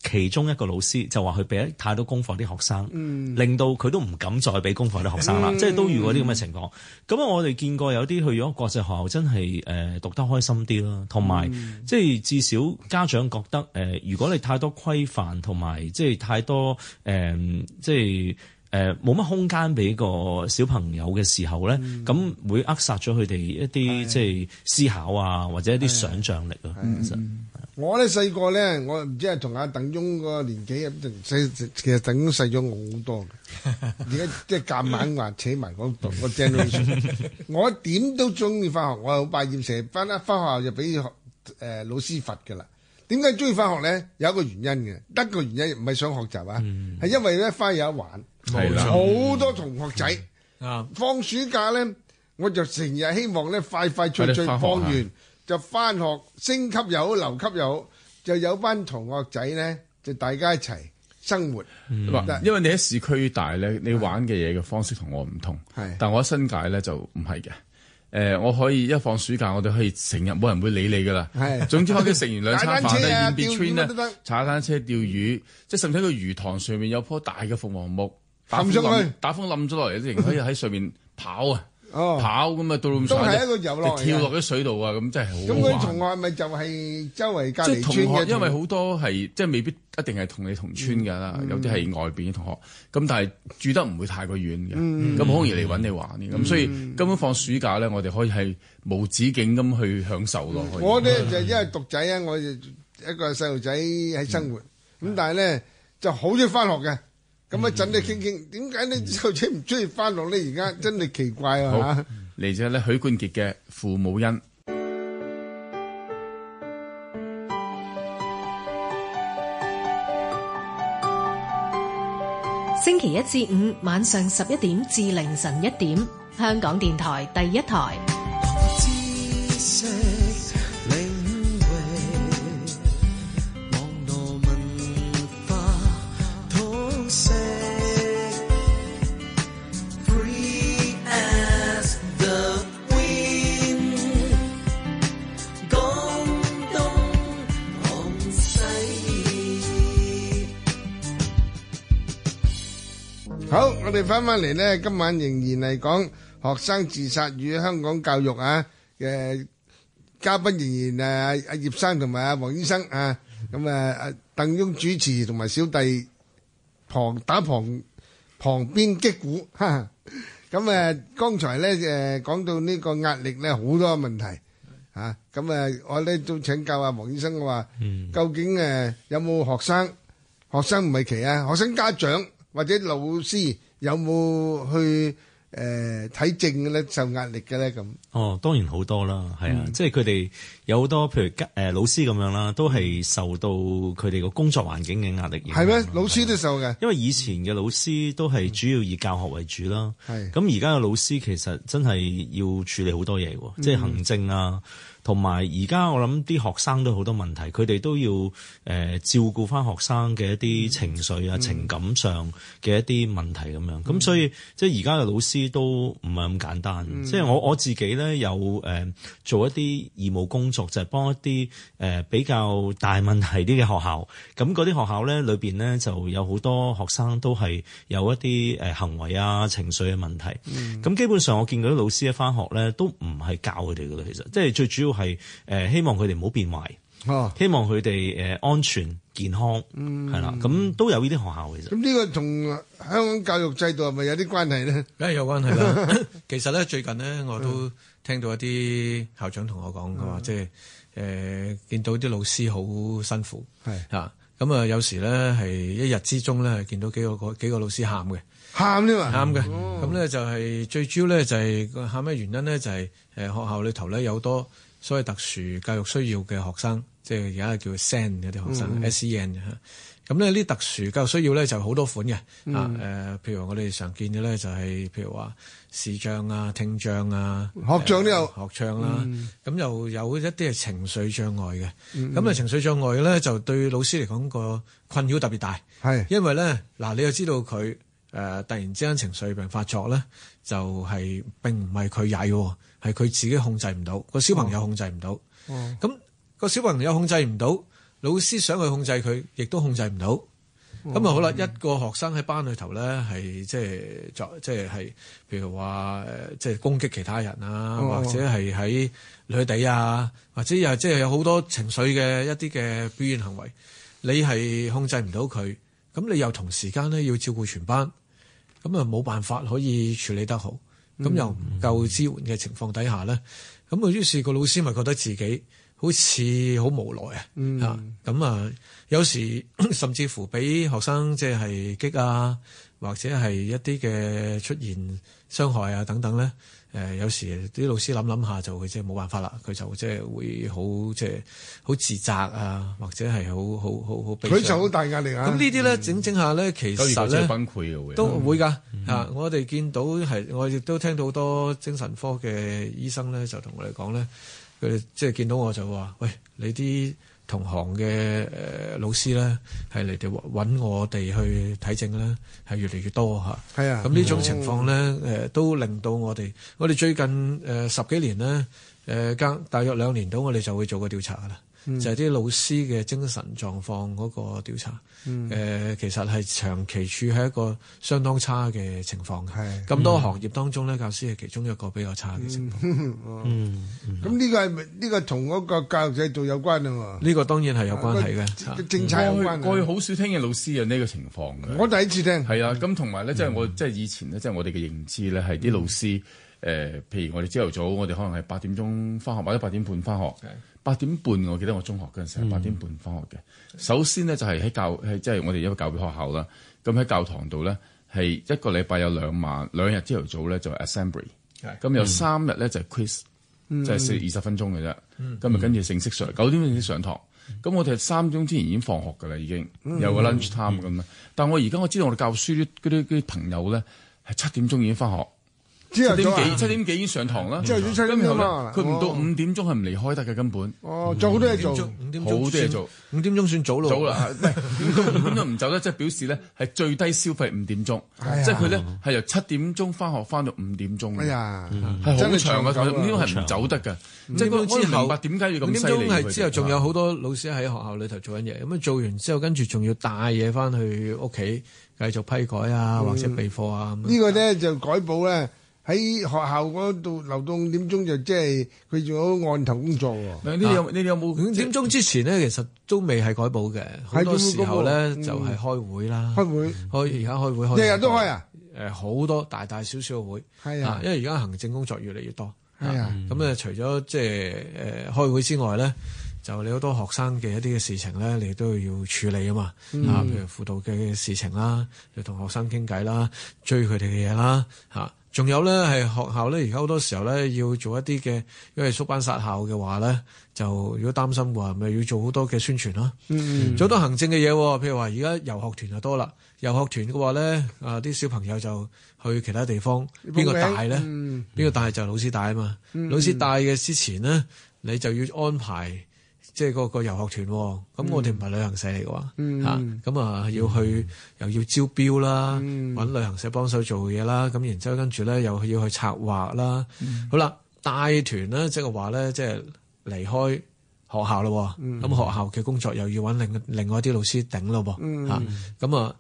其中一個老師就話佢俾太多功課啲學生，嗯、令到佢都唔敢再俾功課啲學生啦。嗯、即係都遇過啲咁嘅情況。咁啊，我哋見過有啲去咗國際學校，真係誒、呃、讀得開心啲啦。同埋、嗯、即係至少家長覺得誒、呃，如果你太多規範同埋即係太多誒、呃，即係。誒，冇乜空間俾個小朋友嘅時候咧，咁、嗯、會扼殺咗佢哋一啲、啊、即係思考啊，或者一啲想像力啊。其實我咧細個咧，我唔知係同阿鄧雍個年紀，其實鄧雍細咗我好多而家 即係夾硬扯、嗰個嗰個，話扯埋嗰度。 我點都中意翻學，我好百厭，成班翻啦，翻學校就俾誒老師罰噶啦。點解中意翻學咧？有一個原因嘅，得個原因唔係想學習啊，係、嗯、因為咧翻有一玩，好錯多同學仔啊，嗯、放暑假咧，我就成日希望咧快快脆脆放完就翻學，學的升級又好留級又好，就有班同學仔咧就大家一齊生活。嗯、因為你喺市區大咧，的你玩嘅嘢嘅方式同我唔同，的但我喺新界咧就唔係嘅。誒、呃，我可以一放暑假，我哋可以成日冇人會理你噶啦。係， 總之我哋食完兩餐飯咧 ，in between 咧，踩單車、釣魚，即係甚至喺個魚塘上面有棵大嘅鳳凰木，打風冧，去打風冧咗落嚟，你仍然可以喺上面跑啊！跑咁啊，到路咁散，是就跳落咗水度啊！咁的真係好。咁佢同學係咪就係周圍隔離村？即因為好多係即係未必一定係同你同村㗎啦，嗯、有啲係外邊嘅同學。咁但係住得唔會太過遠嘅，咁好容易嚟揾你玩嘅。咁、嗯、所以根本放暑假咧，我哋可以係無止境咁去享受落去。我咧就因為獨仔啊，的的我一個細路仔喺生活，咁、嗯、但係咧就好中意返學嘅。咁一陣你傾傾，點解你後者唔中意翻落咧？而家真係奇怪啊！嚟咗咧，許冠傑嘅《父母恩》，星期一至五晚上十一點至凌晨一點，香港電台第一台。好，我哋翻翻嚟咧，今晚仍然嚟講學生自殺與香港教育啊！誒，嘉賓仍然誒，阿葉生同埋阿黃醫生啊，咁啊，鄧翁主持同埋小弟旁打旁旁邊擊鼓，咁啊，剛才咧誒講到呢個壓力咧好多問題啊，咁啊，我咧都請教阿黃醫生，我話究竟誒有冇學生學生唔係奇啊，學生家長。或者老師有冇去誒睇症嘅咧？受壓力嘅咧咁。哦，當然好多啦，係啊，嗯、即係佢哋有好多譬如誒老師咁樣啦，都係受到佢哋個工作環境嘅壓力。係咩？老師都受嘅，因為以前嘅老師都係主要以教學為主啦。係咁、嗯，而家嘅老師其實真係要處理好多嘢喎，嗯、即係行政啊，同埋而家我諗啲學生都好多問題，佢哋都要誒、呃、照顧翻學生嘅一啲情緒啊、嗯、情感上嘅一啲問題咁樣咁、嗯、所以即係而家嘅老師都唔係咁簡單，嗯、即係我我自己咧。有誒做一啲義務工作，就係、是、幫一啲誒比較大問題啲嘅學校。咁嗰啲學校咧裏面咧就有好多學生都係有一啲誒行為啊、情緒嘅問題。咁、嗯、基本上我見嗰啲老師一返學咧都唔係教佢哋嘅，其實即係最主要係希望佢哋唔好變壞，哦、希望佢哋誒安全健康，係啦、嗯。咁都有呢啲學校其實。咁呢個同香港教育制度係咪有啲關係咧？梗係有關係啦。 其實咧最近咧我都、嗯。聽到一啲校長同我講，佢話、嗯、即係誒、呃、見到啲老師好辛苦，咁是啊、嗯、有時咧係一日之中咧係見到幾個幾個老師喊嘅，喊添啊，喊嘅咁咧就係、是、最主要咧就係喊咩原因咧就係、是、誒、呃、學校裏頭咧有好多所謂特殊教育需要嘅學生，即係而家叫 SEN 嗰啲學生，SEN、嗯咁呢啲特殊教育需要咧就好多款嘅，啊誒、嗯呃，譬如我哋常見嘅咧就係、是、譬如話視障啊、聽障啊、學障都有。呃、學障啦、啊，咁又、嗯、有一啲係情緒障礙嘅，咁啊、嗯嗯、情緒障礙咧就對老師嚟講個困擾特別大，係是因為咧嗱，你又知道佢誒、呃、突然之間情緒病發作咧，就係、是、並唔係佢曳喎，係佢自己控制唔到，個小朋友控制唔到，咁、哦、個小朋友控制唔到。哦老師想去控制佢，亦都控制唔到。咁啊、哦，好啦，的一個學生喺班裏頭咧，係即係作，即係係，譬如話，即係攻擊其他人啊，哦、或者係喺女地啊，或者又即係有好多情緒嘅一啲嘅表現行為，你係控制唔到佢，咁你又同時間咧要照顧全班，咁啊冇辦法可以處理得好，咁又唔夠支援嘅情況底下咧，咁啊於是個老師咪覺得自己，好似好無奈、嗯、啊，咁啊，有時甚至乎俾學生即係激啊，或者係一啲嘅出現傷害啊等等咧，誒、啊，有時啲老師諗諗下就即係冇辦法啦，佢就即係會好即係好自責啊，或者係好好好好，佢就好大壓力啊。咁、啊、呢啲咧整整下咧，嗯、其實咧崩潰嘅都會噶吓、嗯啊，我哋見到係我亦都聽到好多精神科嘅醫生咧，就同我哋講咧。佢即係見到我就話：喂，你啲同行嘅，誒老師咧，係嚟啲揾我哋去睇證咧，係越嚟越多吓，係啊，咁呢種情況咧，嗯，都令到我哋，我哋最近誒十幾年咧，誒隔大約兩年到，我哋就會做個調查啦。就係啲老師嘅精神狀況嗰個調查，誒其實係長期處喺一個相當差嘅情況。係咁多行業當中咧，教師係其中一個比較差嘅情況。嗯，咁呢個係咪呢個同嗰個教育制度有關啊？呢個當然係有關係嘅。政策有關。過去好少聽嘅老師有呢個情況。我第一次聽。係啊，咁同埋咧，即係我即係以前咧，即係我哋嘅認知咧，係啲老師誒，譬如我哋朝頭早，我哋可能係八點鐘返學，或者八點半返學。八點半我記得我中學嗰時候，八點半返學嘅。嗯、首先咧就係喺教喺即係我哋一個教會學校啦。咁喺教堂度咧係一個禮拜有兩晚兩日朝頭早咧就 assembly，咁、嗯、有三日咧就 quiz，、嗯、就係四二十分鐘嘅啫。咁啊跟住正式上九點已經上堂。咁、嗯、我哋三點鐘之前已經放學㗎啦，已經有個 lunch time 咁啊。嗯嗯、但我而家我知道我哋教書嗰啲啲朋友咧係七點鐘已經返學。七點幾七點幾已經上堂啦，跟住佢唔到五點鐘係唔離開得嘅根本。哦，做好多嘢做。五點鐘，好多嘢做，五點鐘算早早啦。五點鐘唔走得，即係表示咧係最低消費五點鐘，即係佢咧係由七點鐘翻學翻到五點鐘。哎呀，真係長嘅。五點鐘係唔走得噶。即係嗰時明白點解要咁早，五點鐘係之後仲有好多老師喺學校裏頭做緊嘢，咁啊做完之後跟住仲要帶嘢翻去屋企繼續批改啊，或者備課啊。呢個咧就改補咧。喺學校嗰度留到五點鐘就即係佢仲有案頭工作喎，啊。你有你有冇五點鐘之前呢？即其實都未係改補嘅。好多時候咧就係開會啦。嗯、開會。開而家開會開，日日都開啊。好多大大小小嘅會。係啊，因為而家行政工作越嚟越多。係啊。咁啊，嗯、除咗即係誒開會之外咧，就你好多學生嘅一啲嘅事情咧，你都要處理啊嘛。嗯、啊，譬如輔導嘅事情啦，就同學生傾偈啦，追佢哋嘅嘢啦，啊仲有咧，係學校咧，而家好多時候咧，要做一啲嘅，因為縮班殺校嘅話咧，就如果擔心嘅話，咪要做好多嘅宣傳咯。嗯，做多行政嘅嘢，譬如話而家遊學團就多啦，遊學團嘅話咧，啊啲小朋友就去其他地方，邊個帶咧？邊個、嗯、帶就老師帶啊嘛。嗯、老師帶嘅之前咧，你就要安排。即係嗰個遊學團、哦，咁我哋唔係旅行社嚟嘅喎，嚇咁、嗯、啊，要去又要招標啦，揾、嗯、旅行社幫手做嘢啦，咁然之後跟住咧，又要去策劃啦。嗯、好啦，帶團咧，即係話咧，即係離開學校啦，咁、嗯啊、學校嘅工作又要揾另另外啲老師頂咯噃，嚇咁、嗯、啊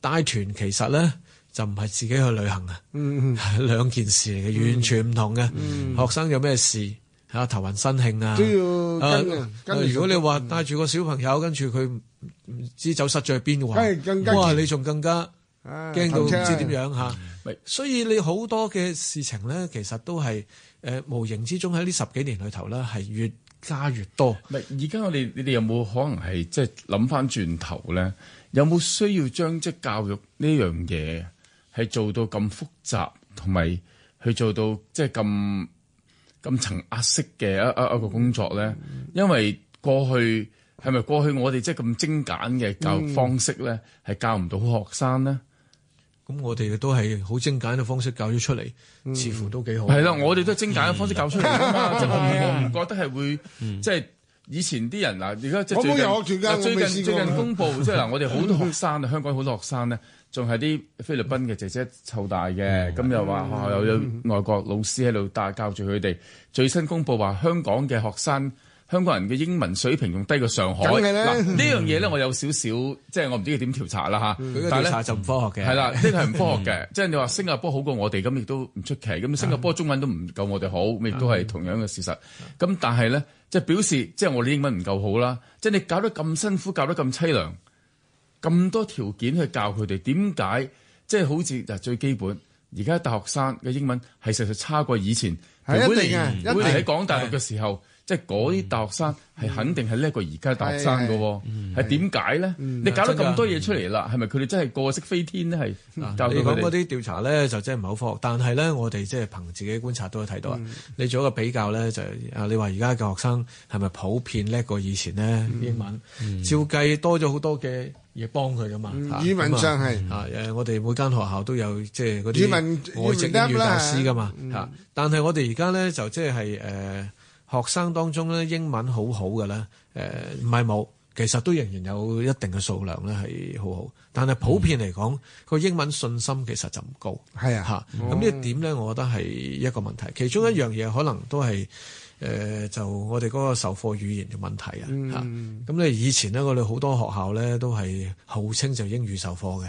帶團其實咧就唔係自己去旅行啊，兩、嗯、 件事嚟嘅，完全唔同嘅。學生有咩事？啊！頭暈身興啊！都要跟啊！如果你話帶住個小朋友跟住佢唔知走失在邊嘅話哇！你仲更加驚到唔知點樣嚇？係，所以你好多嘅事情咧，其實都係誒、呃、無形之中喺呢十幾年裏頭咧，係越加越多。咪而家我哋，你哋有冇可能係即係諗翻轉頭咧？有冇需要將即係教育呢樣嘢係做到咁複雜，同埋去做到即係咁？就是咁層壓式嘅一一一個工作咧，因為過去係咪過去我哋即係咁精簡嘅教育方式咧，係教唔到學生咧？咁、嗯、我哋都係好精簡嘅方式教咗出嚟，嗯、似乎都幾好。係啦，我哋都係精簡嘅方式教出嚟，我唔、嗯、覺得係會即係。嗯、就係以前啲人嗱，而家即係最近家最近最近公佈，即係嗱，我哋好多學生啊， 香港好多學生咧，仲係啲菲律賓嘅姐姐湊大嘅，咁 又話學校又有外國老師喺度帶教住佢哋。 最新公佈話香港嘅學生。香港人嘅英文水平仲低過上海。嗱，呢這樣嘢咧，我有少少即係我唔知佢點調查啦吓。佢、嗯、是查就唔科學嘅。係啦，呢啲係唔科學嘅。即係你話新加坡好過我哋，咁亦都唔出奇。咁新加坡中文都唔夠我哋好，亦都係同樣嘅事實。咁、嗯、但係咧，即係表示，即、就、係、是、我哋英文唔夠好啦。即、就、係、是、你教得咁辛苦，教得咁淒涼，咁多條件去教佢哋，點解即係好似嗱最基本？而家大學生嘅英文係實實差過以前。係一定嘅。每年喺港大陸嘅時候。即係嗰啲大學生係肯定係叻過而家大學生㗎喎，係點解咧？真你搞到咁多嘢出嚟啦，係咪佢哋真係個色飛天咧？係啊，你講嗰啲調查咧就真係唔係好科學，但係咧我哋即係憑自己觀察都睇到啊。嗯、你做一個比較咧就啊，你話而家嘅學生係咪普遍叻過以前咧？英文、嗯、照計多咗好多嘅嘢幫佢噶嘛。語文上係、嗯嗯、我哋每間學校都有即係嗰啲外籍語教師噶嘛嚇、但係我哋而家咧就即係誒。呃學生當中咧，英文好好嘅咧，誒唔係冇，其實都仍然有一定嘅數量咧，係好好。但係普遍嚟講，個、嗯、英文信心其實就唔高，係啊。咁呢一點咧，我覺得係一個問題。哦、其中一樣嘢可能都係誒、呃，就我哋嗰個授課語言嘅問題啊。咁咧，嗯、以前咧，我哋好多學校咧都係號稱就英語授課嘅。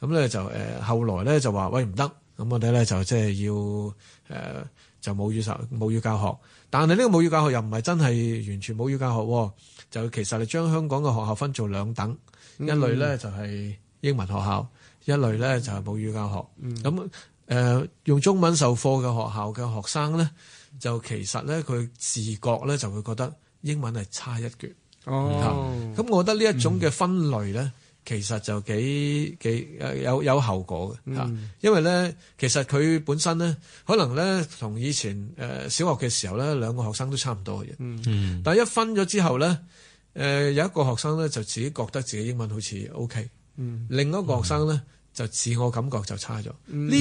咁咧就誒、呃，後來咧就話喂唔得，咁我哋咧就即係要誒、呃、就母語授母語教學。但係呢個母語教學又唔係真係完全母語教學，就其實你將香港嘅學校分做兩等，一類咧就係英文學校，一類咧就係母語教學。咁誒、嗯嗯、用中文授課嘅學校嘅學生咧，就其實咧佢自覺咧就會覺得英文係差一橛。哦，咁我覺得呢一種嘅分類咧。嗯其實就幾幾有有後果嘅吓、嗯、因為咧其實佢本身咧可能咧同以前、呃、小學嘅時候咧兩個學生都差唔多嘅啫、嗯、但一分咗之後咧、呃、有一個學生咧就自己覺得自己英文好似 OK、嗯、另一個學生咧、嗯、就自我感覺就差咗。呢、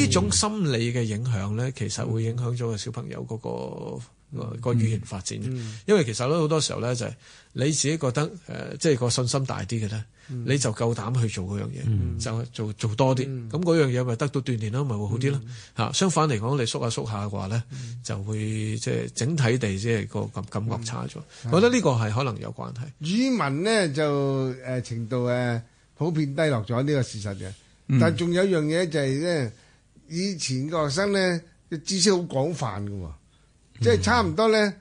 嗯、種心理嘅影響咧，其實會影響咗個小朋友嗰、那個、嗯、個語言發展，嗯嗯、因為其實咧好多時候咧就係、是、你自己覺得誒即係個信心大啲嘅咧。你就夠膽去做嗰樣嘢，嗯、就做做多啲，咁嗰、嗯、樣嘢咪得到鍛鍊咯，咪會好啲咯。嗯、相反嚟講，你縮下縮下嘅話咧，嗯、就會即係整體地即係個感感覺差咗。嗯、我覺得呢個係可能有關係。語文咧就誒、呃、程度誒普遍低落咗，呢、呢個事實嘅。嗯、但仲有一樣嘢就係、係、咧，以前嘅學生咧，知識好廣泛㗎喎，嗯、即係差唔多咧，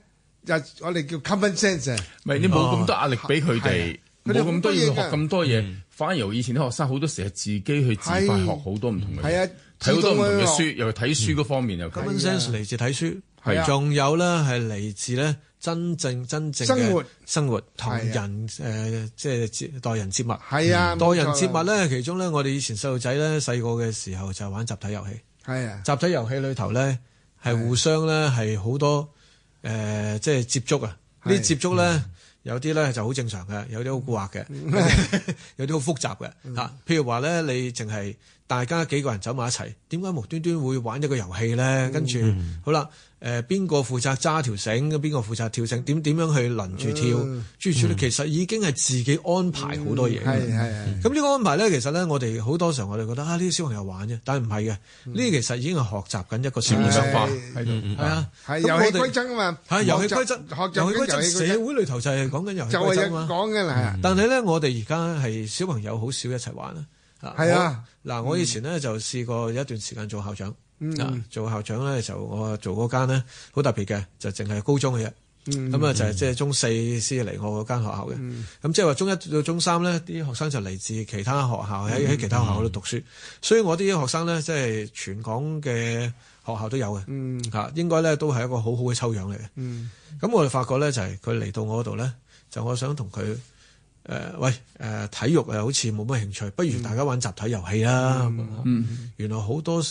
就我哋叫 common sen、嗯、se 咪你冇咁多壓力俾佢哋。啊冇咁多嘢、學咁多嘢，反而由以前啲學生好多時係自己去自發學好多唔同嘅嘢，睇好多唔同嘅書，又睇書嗰方面又咁，本身嚟自睇書，仲有咧係嚟自咧真正真正嘅生活同人誒，即係待人接物。係啊，待人接物咧，其中咧，我哋以前細路仔咧，細個嘅時候就玩集體遊戲。係啊，集體遊戲裏頭咧係互相咧係好多誒，即係接觸啊！呢接觸咧。有啲咧就好正常嘅，有啲好蠱惑嘅，有啲好複雜嘅吓，譬如話咧，你淨係。大家幾個人走埋一齊，點解無端端會玩一個遊戲咧？跟住好啦，誒邊個負責揸條繩，邊個負責跳繩，點點樣去輪住跳？諸如此類呢，其實已經係自己安排好多嘢。係咁呢個安排咧，其實咧，我哋好多時候我哋覺得啊，呢啲小朋友玩啫，但係唔係嘅。呢其實已經係學習緊一個社會化係啊，係遊戲規則啊嘛。係遊戲規則，學遊戲規則。社會裏頭就係講緊遊戲規則嘛。講嘅啦。但係咧，我哋而家係小朋友好少一齊玩係啊，嗱，我以前咧、嗯、就試過有一段時間做校長，嗯、做校長咧，就我做嗰間咧好特別嘅，就淨係高中嘅啫，咁啊、嗯、就係即係中四先嚟我嗰間學校嘅，咁即係話中一到中三咧啲學生就嚟自其他學校喺喺其他學校度讀書，嗯嗯、所以我啲學生咧即係全港嘅學校都有嘅，吓、嗯、應該咧都係一個好好嘅抽樣嚟嘅，咁、嗯、我哋發覺咧就係佢嚟到我度咧，就我想同佢。誒喂，誒體育，誒好似冇乜興趣，不如大家玩集體遊戲啦。原來好多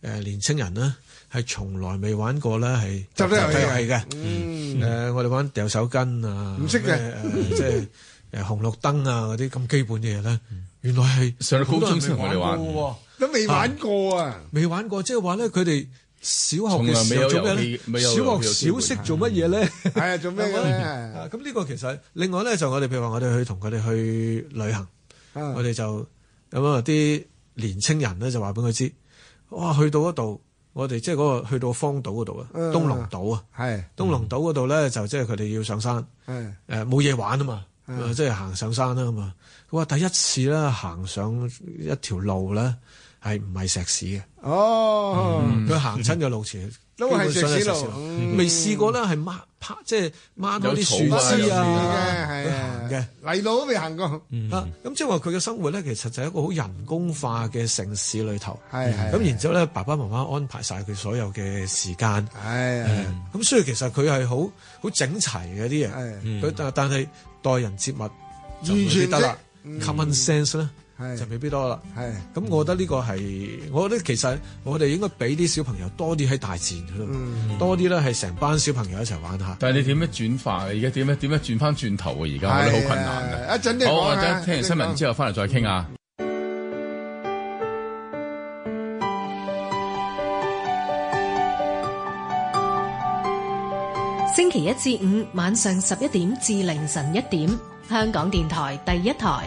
年青人呢，係從來未玩過啦，係集體遊戲係嘅。誒我哋玩掉手巾啊，唔識嘅，即係誒紅綠燈啊嗰啲咁基本嘅嘢咧。原來係上高中我哋玩嘅，都未玩過啊，未、呃、玩過，即係話咧佢哋。小學嘅時候做咩小學小息做乜嘢咧？係啊，做咩嘅？咁呢個其實另外咧，就我哋譬如話，我哋去同佢哋去旅行，我哋就咁啊啲年青人咧就話俾佢知，哇！去到嗰度，我哋即係嗰個去到荒島嗰度啊，東龍島啊，係東龍島嗰度咧就即係佢哋要上山，誒冇嘢玩啊嘛，即係行上山啦嘛。佢話第一次呢，行上一條路咧。係唔係石屎嘅？哦，佢行親個路前都係石屎路，未試過咧，係掹即係掹到啲樹枝啊，嘅泥路都未行過。咁即係話佢嘅生活咧，其實就係一個好人工化嘅城市裏頭。咁然之後咧，爸爸媽媽安排晒佢所有嘅時間。係咁所以其實佢係好好整齊嘅啲人。但但係待人接物就唔知得啦。Common sense 咧。係是就未必多啦。係咁是，我覺得呢個係，嗯、我覺得其實我哋應該俾啲小朋友多啲喺大自然度，嗯、多啲咧係成班小朋友一齊玩一下。嗯、但係你點樣轉化？而家點樣點樣轉翻轉頭啊？而家是我覺得好困難嘅。一陣好，我聽完新聞之後翻嚟再傾啊。嗯、星期一至五晚上十一點至凌晨一點，香港電台第一台。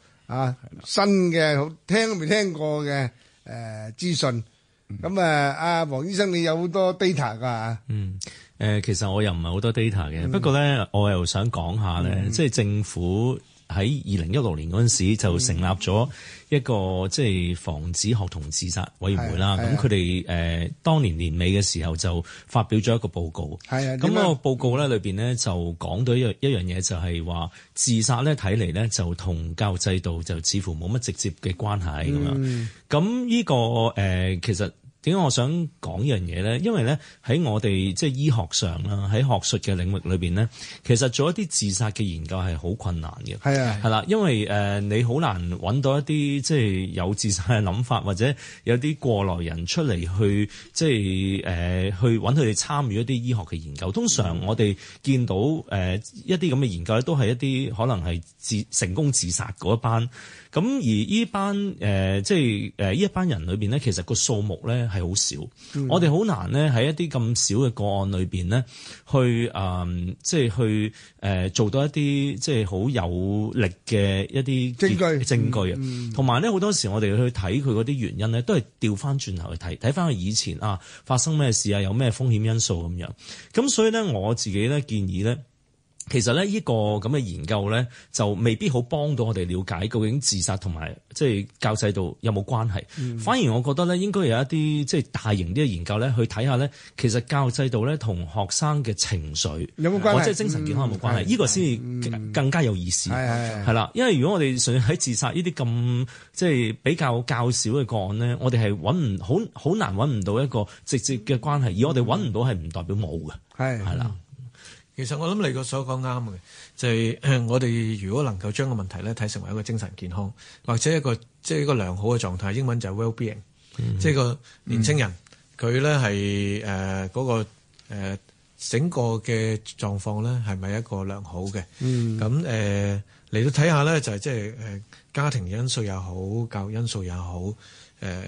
啊，新嘅好聽未聽過嘅誒、呃、資訊，咁啊，阿黃醫生你有好多 data 噶嚇？嗯，誒、呃，其實我又唔係好多 data 嘅，嗯、不過咧，我又想講下咧，嗯、即係政府。喺二零一六年嗰陣時候就成立咗一個即係、就是、防止學童自殺委員會啦。咁佢哋誒當年年尾嘅時候就發表咗一個報告。係啊，咁個報告咧裏邊咧就講到一一樣嘢，就係話自殺咧睇嚟咧就同教育制度就似乎冇乜直接嘅關係咁樣。咁呢、嗯這個誒、呃、其實。點解我想講呢樣嘢咧？因為咧喺我哋即係醫學上啦，喺學術嘅領域裏邊咧，其實做一啲自殺嘅研究係好困難嘅。係啊的，係啦，因為誒你好難揾到一啲即係有自殺嘅諗法，或者有啲過來人出嚟去即係誒、呃、去揾佢哋參與一啲醫學嘅研究。通常我哋見到誒一啲咁嘅研究咧，都係一啲可能係自成功自殺嗰一班。咁而依班誒、呃、即係誒一班人裏面咧，其實個數目咧係好少，嗯、我哋好難咧喺一啲咁少嘅個案裏面咧，呃、去誒即係去誒做到一啲即係好有力嘅一啲證據證據。同埋咧，好、嗯、多時我哋去睇佢嗰啲原因咧，都係調翻轉頭去睇睇翻佢以前啊發生咩事啊，有咩風險因素咁樣。咁所以咧，我自己咧建議咧。其實咧，依個咁嘅研究咧，就未必好幫到我哋了解究竟自殺同埋即係教育制度有冇關係。嗯、反而我覺得咧，應該有一啲即係大型啲嘅研究咧，去睇下咧，其實教育制度咧同學生嘅情緒有冇關係，或者精神健康有冇關係？呢、嗯、個先更加有意思。係啦、嗯，因為如果我哋純粹喺自殺呢啲咁即係比較較少嘅個案咧，我哋係搵唔好好難搵唔到一個直接嘅關係。嗯、而我哋搵唔到係唔代表冇嘅。係係啦。其實我諗你個所講啱嘅，就係、是、我哋如果能夠將個問題咧睇成為一個精神健康或者一個即、就是、一個良好嘅狀態，英文就係 well being、嗯。即係個年青人佢咧係誒嗰個、呃、整個嘅狀況咧係咪一個良好嘅？咁誒嚟到睇下咧就係即係誒家庭因素又好，教育因素又好，誒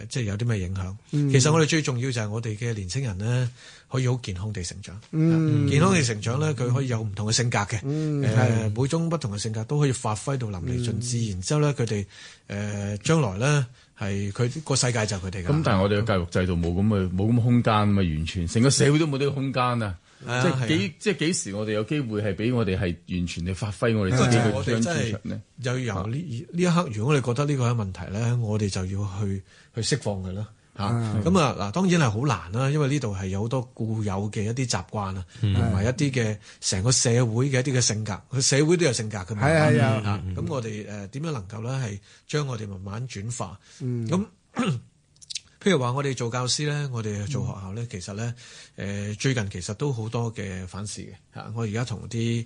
即係有啲咩影響？嗯、其實我哋最重要就係我哋嘅年青人咧。可以好健康地成長，健康地成長咧，佢可以有唔同嘅性格嘅，誒每種不同嘅性格都可以發揮到淋漓盡致，然之後咧佢哋誒將來咧係佢個世界就係佢哋嘅。咁但係我哋嘅教育制度冇咁嘅冇咁空間啊嘛，完全成個社會都冇呢個空間啊！即係幾即係幾時我哋有機會係俾我哋係完全去發揮我哋呢個將來呢？又要由呢呢一刻，如果我哋覺得呢個係問題咧，我哋就要去去釋放佢啦。嚇！咁啊嗱，當然係好難啦，因為呢度係有好多固有嘅一啲習慣啊，同埋、嗯、一啲嘅成個社會嘅一啲嘅性格，佢社會都有性格嘅嘛。係啊，有啊。咁我哋誒點樣能夠咧係將我哋慢慢轉化？咁、嗯。譬如話，我哋做教師咧，我哋做學校咧，嗯、其實咧、呃，最近其實都好多嘅反思嘅嚇。我而家同啲誒，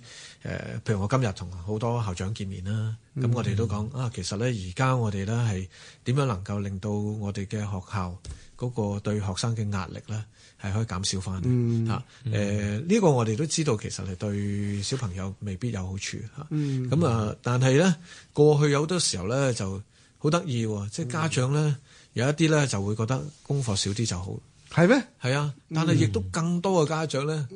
譬如我今日同好多校長見面啦，咁、嗯、我哋都講啊，其實咧而家我哋咧係點樣能夠令到我哋嘅學校嗰個對學生嘅壓力咧係可以減少翻嚇。誒呢、嗯嗯呃呢個我哋都知道，其實係對小朋友未必有好處嚇。咁、嗯嗯、啊，但係咧過去有好多時候咧就好得意喎，即、就、係、是、家長咧。嗯有一啲咧就會覺得功課少啲就好，係咩？係啊，但係亦都更多嘅家長咧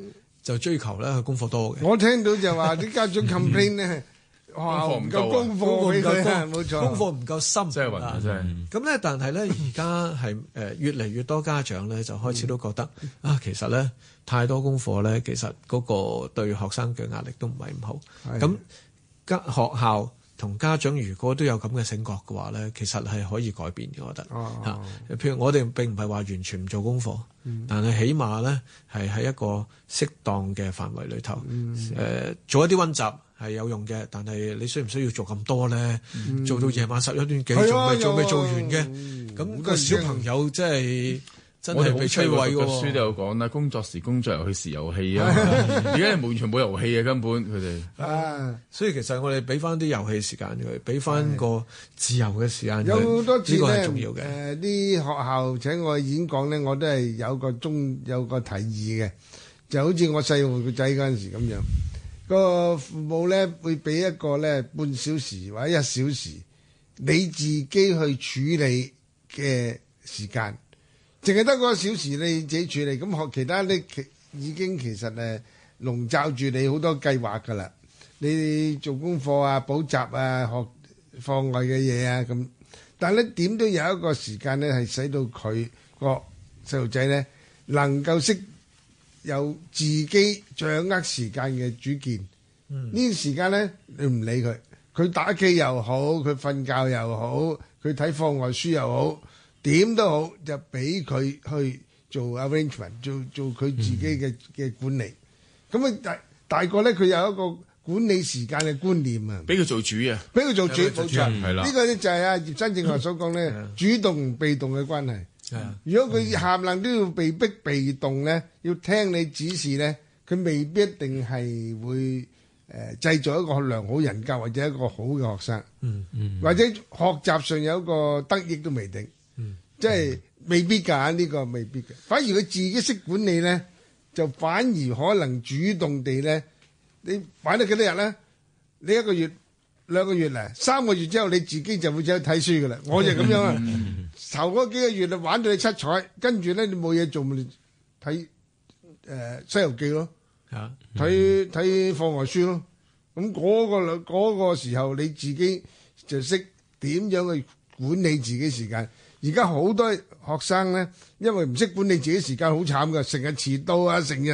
就追求咧功課多嘅。我聽到就話啲家長 complain 咧，學校唔夠功課，唔夠功課，唔夠深，即係真係冇錯，真係咁咧，但係咧而家係誒越嚟越多家長咧就開始都覺得啊，其實咧太多功課咧，其實嗰個對學生嘅壓力都唔係咁好。咁間學校。同家長如果都有咁嘅醒覺嘅話咧，其實係可以改變嘅，我覺得。嚇、啊，譬如我哋並唔係話完全唔做功課，嗯、但係起碼咧係喺一個適當嘅範圍裏頭，嗯呃。做一啲温習係有用嘅，但係你需唔需要做咁多咧？嗯、做到夜晚十一點幾仲未做未、啊、做完嘅，咁、嗯、個小朋友即係。嗯嗯我哋被摧毀個書都有講啦工作時工作遊戲時遊戲啊而家係完全冇遊戲啊根本佢哋啊所以其實我哋俾返啲遊戲時間佢俾翻個自由嘅時間有好多自重要嘅誒啲學校請我演講咧我都係有個中有個提議嘅就好似我細個個仔嗰陣時咁樣個父母咧會俾一個咧半小時或者一小時你自己去處理嘅時間淨係得個小時你自己處理，咁學其他你其已經其實誒籠罩住你好多計劃噶啦。你做功課啊、補習啊、學課外嘅嘢啊咁。但係咧點都有一個時間咧，係使到佢個細路仔咧能夠識有自己掌握時間嘅主見。呢啲時間咧，你唔理佢，佢打機又好，佢瞓覺又好，佢睇課外書又好。點都好，就俾佢去做 arrangement，做做佢自己嘅嘅管理。咁啊、嗯，大大個咧，佢有一個管理時間嘅觀念啊。俾佢做主啊！俾佢做主，做主，冇錯。係啦、嗯，個呢個咧就係啊葉生正話所講咧，嗯、主動被動嘅關係。嗯、如果佢冚唪唥都要被逼被動咧，要聽你指示咧，佢未必一定係會誒、呃、製造一個良好人格或者一個好嘅學生。嗯嗯，嗯或者學習上有一個得益都未定。即係未必㗎，呢、這個未必嘅。反而佢自己識管理咧，就反而可能主動地咧，你玩咗幾多日咧？你一個月、兩個月咧，三個月之後你自己就會走去睇書㗎啦。我就咁樣啊，頭嗰 幾個月你玩到你七彩，跟住咧你冇嘢做咪睇誒《西遊記》咯，睇睇課外書咯。咁嗰、那個嗰、那個時候你自己就識點樣去管理自己時間。而家好多學生咧，因為唔識管理自己的時間，好慘噶，成日遲到啊，成日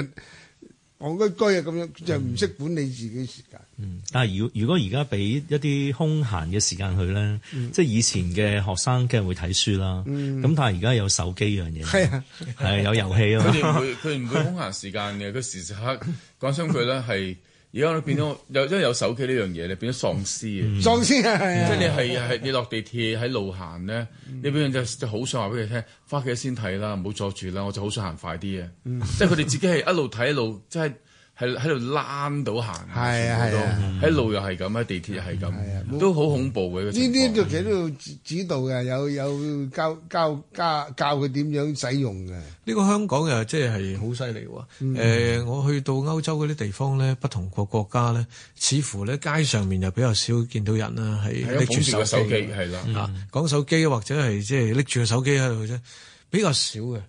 戇居居啊咁樣，就唔識管理自己的時間。嗯，但係如如果而家俾一啲空閒嘅時間佢咧，嗯、即係以前嘅學生梗係會睇書啦。咁、嗯、但係而家有手機呢樣嘢，係啊，啊有遊戲咯。佢哋佢唔會空閒時間嘅，佢時、啊、時刻講相佢咧係。而家都變咗，有、嗯、因為有手機呢樣嘢咧，變咗喪屍啊。喪屍啊，係，即係 你係係你落地鐵喺路行咧，嗯、你變咗就就好想話俾佢聽，返屋企先睇啦，唔好阻住啦，我就好想行快啲啊，嗯、即係佢哋自己係一路睇一路，即係。係喺度躝到行，係啊係啊，喺路又係咁，喺地鐵又係咁，啊、都好恐怖嘅。呢啲就喺度指導嘅，有有教教教教佢點樣使用嘅。呢個香港又即係好犀利喎。誒，我去到歐洲嗰啲地方咧，不同個國家咧，似乎咧街上面又比較少見到人啦，係拎住個手機，係啦嚇，手講手機或者係即係拎住個手機喺度啫，比較少嘅。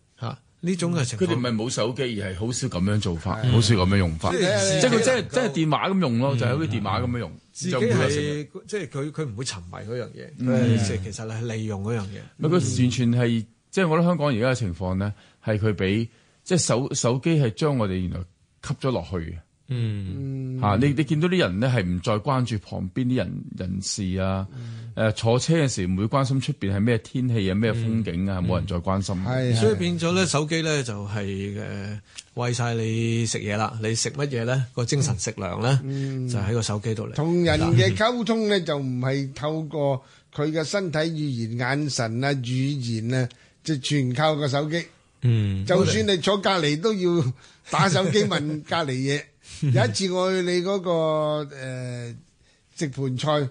呢種嘅情況，佢哋唔係冇手機，而係好少咁樣做法，好少咁樣用法。即係佢即係即係電話咁用咯，就係好似電話咁樣用。自己係即係佢佢唔會沉迷嗰樣嘢，即係其實係利用嗰樣嘢。佢完全係即係我覺得香港而家嘅情況咧，係佢俾即係手手機係將我哋原來吸咗落去嘅。嗯，吓，你你見到啲人咧，係唔再關注旁邊啲人人士啊？誒、嗯、坐車嘅時，唔會關心出邊係咩天氣啊、咩、嗯、風景啊，冇人再關心。係、嗯，嗯、所以變咗咧，嗯、手機咧就係誒餵晒你食嘢啦。你食乜嘢咧？個精神食糧咧，嗯、就喺個手機度，嚟同人嘅溝通咧，就唔係透過佢嘅身體語言、嗯、眼神啊、語言啊，就全靠個手機，嗯，就算你坐隔籬都要打手機問隔籬嘢.。 有一次我去你嗰個誒食盤菜，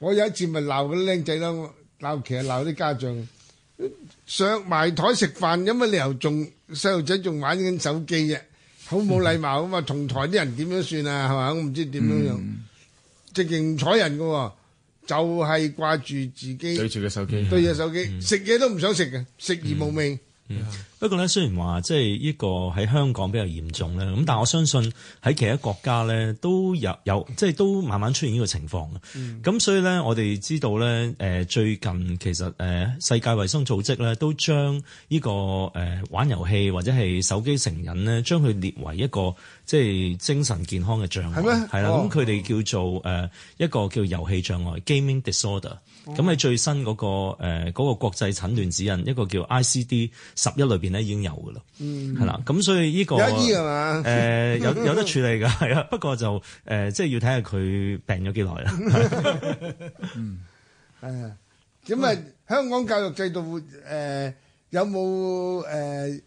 我有一次咪鬧嗰啲僆仔咯，鬧其實鬧啲家長，上埋台食飯，有乜理由仲細路仔仲玩緊手機啫，好冇禮貌啊嘛，同台啲人點樣算啊？係嘛？我唔知點樣樣，直情唔睬人噶，就係掛住自己，對住個手機，對住個手機食嘢都唔想食嘅，食而冇味。嗯，不過咧雖然話即係呢個喺香港比較嚴重咧，咁但我相信喺其他國家咧都有有即係、就是、都慢慢出現呢個情況咁、嗯、所以咧我哋知道咧，誒最近其實誒世界衛生組織咧都將呢個誒玩遊戲或者係手機成癮咧，將佢列為一個即係精神健康嘅障礙。係咩？係啦，咁佢哋叫做誒一個叫遊戲障礙 （gaming disorder）。咁喺最新嗰、嗰個誒嗰、嗰個國際診斷指引，一個叫 ICD 十一裏邊咧已經有噶啦，係啦、嗯。咁所以呢、呢個誒有、呃、有，有得處理噶，係啦。 不過就誒即係要睇下佢病咗幾耐啦。誒咁啊，哎、香港教育制度誒、呃、有冇誒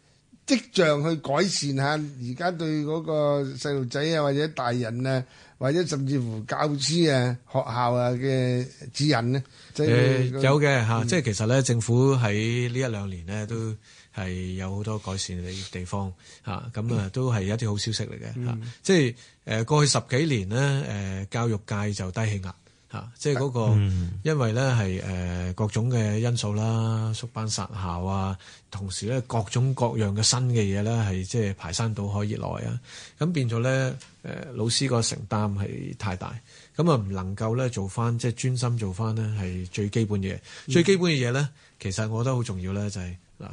跡象去改善下？而家對嗰個細路仔啊，或者大人啊？或者甚至乎教師啊、學校啊嘅指引咧、啊，誒、即係嗰個呃、有嘅、啊嗯、即係其實咧，政府喺呢一兩年咧都係有好多改善嘅地方嚇，咁啊，啊都係一啲好消息嚟嘅、啊嗯、即係、呃、過去十幾年咧、呃、教育界就低氣壓。嚇！即係嗰個，因為咧係誒各種嘅因素啦，縮班殺校啊，同時咧各種各樣嘅新嘅嘢咧係即係排山倒海而來啊，咁變咗咧誒老師個承擔係太大，咁啊唔能夠咧做翻即係專心做翻咧係最基本嘅嘢，嗯、最基本嘅嘢咧其實我覺得好重要咧就係嗱，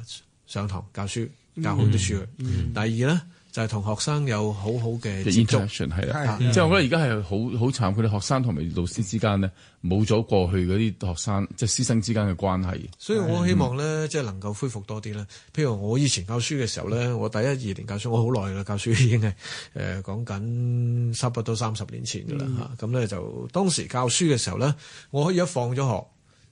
上堂教書教好啲書，嗯嗯、第二咧。就係同學生有好好嘅接觸 The interaction, 的，係啦，即係我覺得而家係好好慘，佢哋學生同埋老師之間呢，冇咗過去嗰啲學生即係、就是、師生之間嘅關係。所以我希望咧，即係的能夠恢復多啲啦。譬如我以前教書嘅時候咧，我第一、嗯、我第一二年教書，我好耐啦，教書已經係誒講緊差不多三十年前噶啦嚇。咁咧就當時教書嘅時候咧，我可以一放咗學，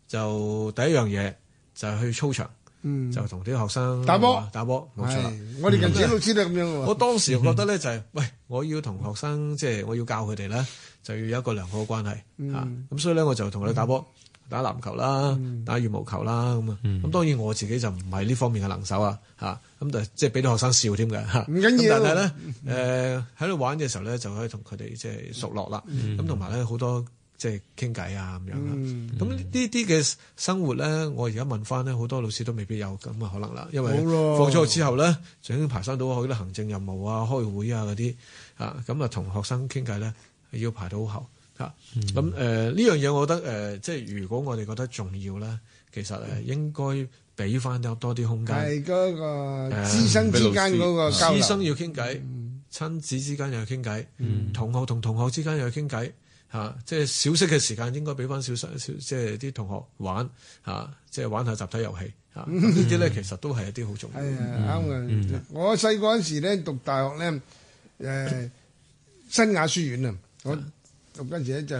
就第一樣嘢就係去操場。嗯，就同啲學生打波，打波冇錯啦。我哋近排都知得咁樣喎。我當時又覺得咧，就係喂，我要同學生即係我要教佢哋咧，就要有一個良好嘅關係嚇。咁所以咧，我就同佢哋打波、打籃球啦、打羽毛球啦咁啊。咁當然我自己就唔係呢方面嘅能手啊嚇。咁就即係俾啲學生笑添嘅嚇。唔緊要。但係咧，誒喺度玩嘅時候咧，就可以同佢哋即係熟絡啦。咁同埋咧好多。即係傾偈啊咁樣啦，咁呢啲嘅生活咧，我而家問翻咧，好多老師都未必有咁啊可能啦，因為放咗之後咧，仲要的排生到好多行政任務啊、開會啊嗰啲啊，咁啊同學生傾偈咧，要排到好後啊，咁誒呢樣嘢，我覺得誒、呃，即係如果我哋覺得重要咧，其實誒應該俾翻有多啲空間，係嗰個師生之間嗰個交流，呃、師生要傾偈，親子之間又要傾偈，嗯、同學同同學之間又要傾偈。嚇，即係、啊就是、小息嘅時間應該俾翻小息，小即係啲同學玩即係、啊就是、玩下集體遊戲嚇。啊、呢啲咧、mm hmm. 其實都係一啲好重要啱、啊 mm hmm. 我細個嗰時咧讀大學咧，誒、呃、新雅書院啊，新亞書院，我讀嗰陣時咧就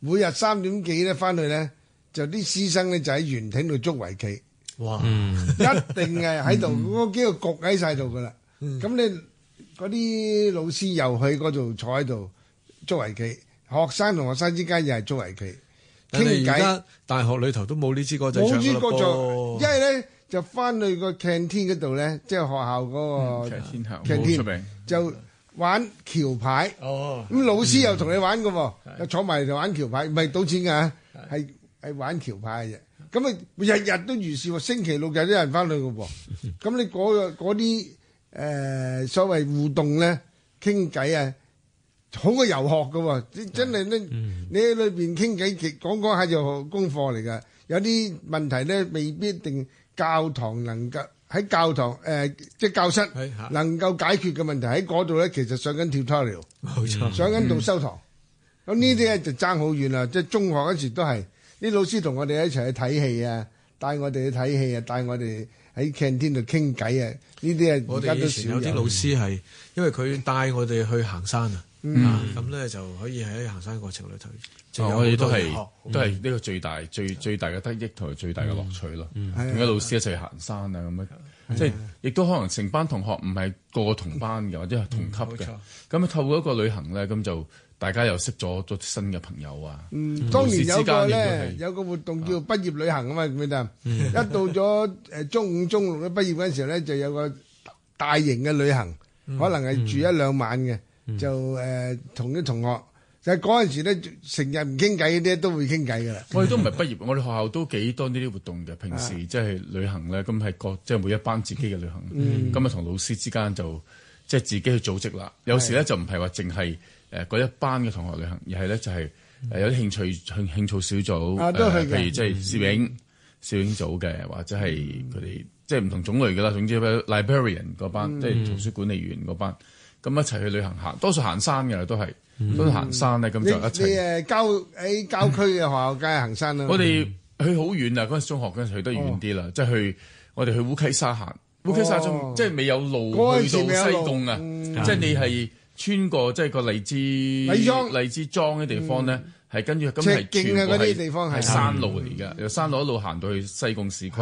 每日三點幾咧翻去咧，就啲師生咧就喺園亭度捉圍棋。哇！嗯、一定係喺度嗰幾個局喺晒度噶啦。咁、mm hmm. 你嗰啲老師又去嗰度坐喺度捉圍棋。學生同學生之間又係作為佢傾偈。大學裏頭都冇呢支歌仔冇呢歌做，因為咧就翻去個 canteen 嗰度咧，即係學校嗰個 canteen 就玩橋牌。哦，咁老師又同你玩㗎喎，又坐埋嚟玩橋牌，唔係賭錢㗎，係係玩橋牌嘅啫。咁啊，日日都如是喎。星期六日都有人翻去㗎噃。咁你嗰啲誒所謂互動咧，傾偈啊！好過遊學嘅喎，真真係咧，你喺裏邊傾偈，講講係做功課嚟㗎。有啲問題咧，未必定教堂能夠喺教堂誒、呃，即係教室能夠解決嘅問題喺嗰度咧。其實上緊 tutorial，冇錯，上緊度修堂。咁呢啲咧就爭好遠啦。即係、嗯、中學嗰時都係啲老師同我哋一齊去睇戲啊，帶我哋去睇戲啊，帶我哋喺 Canteen 度傾偈啊。呢啲啊，而家都少有。有啲老師係因為佢帶我哋去行山啊。嗯咁咧就可以喺行山過程裏頭，我哋都係都係呢個最大最最大嘅得益同埋最大嘅樂趣咯。同啲老師一齊行山啊，咁樣即係亦都可能成班同學唔係個個同班嘅，或者係同級嘅。咁啊，透過一個旅行咧，咁就大家又識咗咗新嘅朋友啊。嗯，當然有個咧有個活動叫畢業旅行啊嘛，咁樣一到咗中五中六嘅畢業嗰時候咧，就有個大型嘅旅行，可能係住一兩晚嘅。就誒、呃、同啲同學，就係、是、嗰陣時咧，成日唔傾偈嗰啲都會傾偈噶啦。我哋都唔係畢業，我哋學校都幾多呢啲活動嘅，平時即係旅行咧，咁、就、係、是、各即係、就是、每一班自己嘅旅行。咁啊、嗯，同老師之間就即係、就是、自己去組織啦。有時咧就唔係話淨係誒嗰一班嘅同學旅行，而係咧就係、是嗯、有啲興趣趣興趣小組，譬、啊呃、如即係攝影、嗯、攝,影攝影組嘅，或者係佢哋即係唔同種類噶啦。總之，Librarian 嗰班即係圖書管理員嗰班。咁一齊去旅行行，多數行山嘅都係，都行山咧，咁就一齊。你你誒郊喺郊區嘅學校街行山啊！我哋去好遠啊！嗰陣中學嗰陣去得遠啲啦，即係去我哋去烏溪沙行，烏溪沙仲即係未有路去到西貢啊！即係你係穿過即係個荔枝荔枝莊嘅地方咧，係跟住咁係經啲地方係山路嚟嘅，由山路一路行到去西貢市區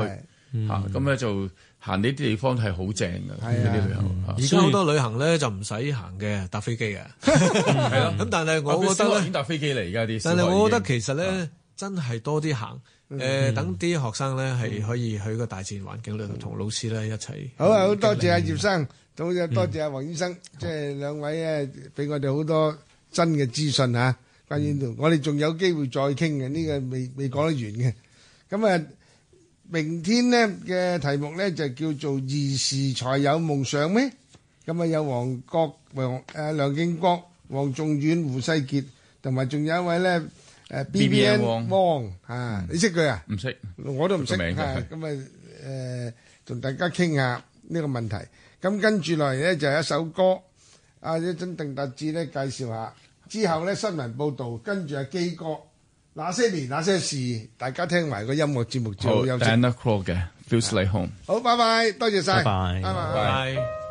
嚇，咁咧就。行呢啲地方係好正㗎，呢啲旅遊。而家好多旅行咧就唔使行嘅，搭飛機嘅。咁但係我覺得啲但係我覺得其實咧，真係多啲行。誒，等啲學生咧係可以去個大自然環境裏頭同老師咧一齊。好啊，好多謝阿葉生，多謝多謝阿黃醫生，即係兩位啊，俾我哋好多真嘅資訊啊。關於我哋仲有機會再傾嘅，呢個未未講得完嘅。咁啊～明天咧嘅題目咧就叫做兒時才有夢想咩？咁啊有黃國黃誒梁敬國、黃仲遠、胡世傑，同埋仲有一位咧誒 B B N 汪啊，你識佢啊？唔識，我都唔識。咁啊誒，同大家傾下呢個問題。咁跟住落嚟咧就係一首歌，阿一陣鄧達智咧介紹下。之後咧新聞報道，跟住阿基哥。那些年那些事，大家聽埋個音樂節目最好休息。好，Daniel Craig 嘅 Feels Like Home。好，拜拜，多謝晒。拜，拜。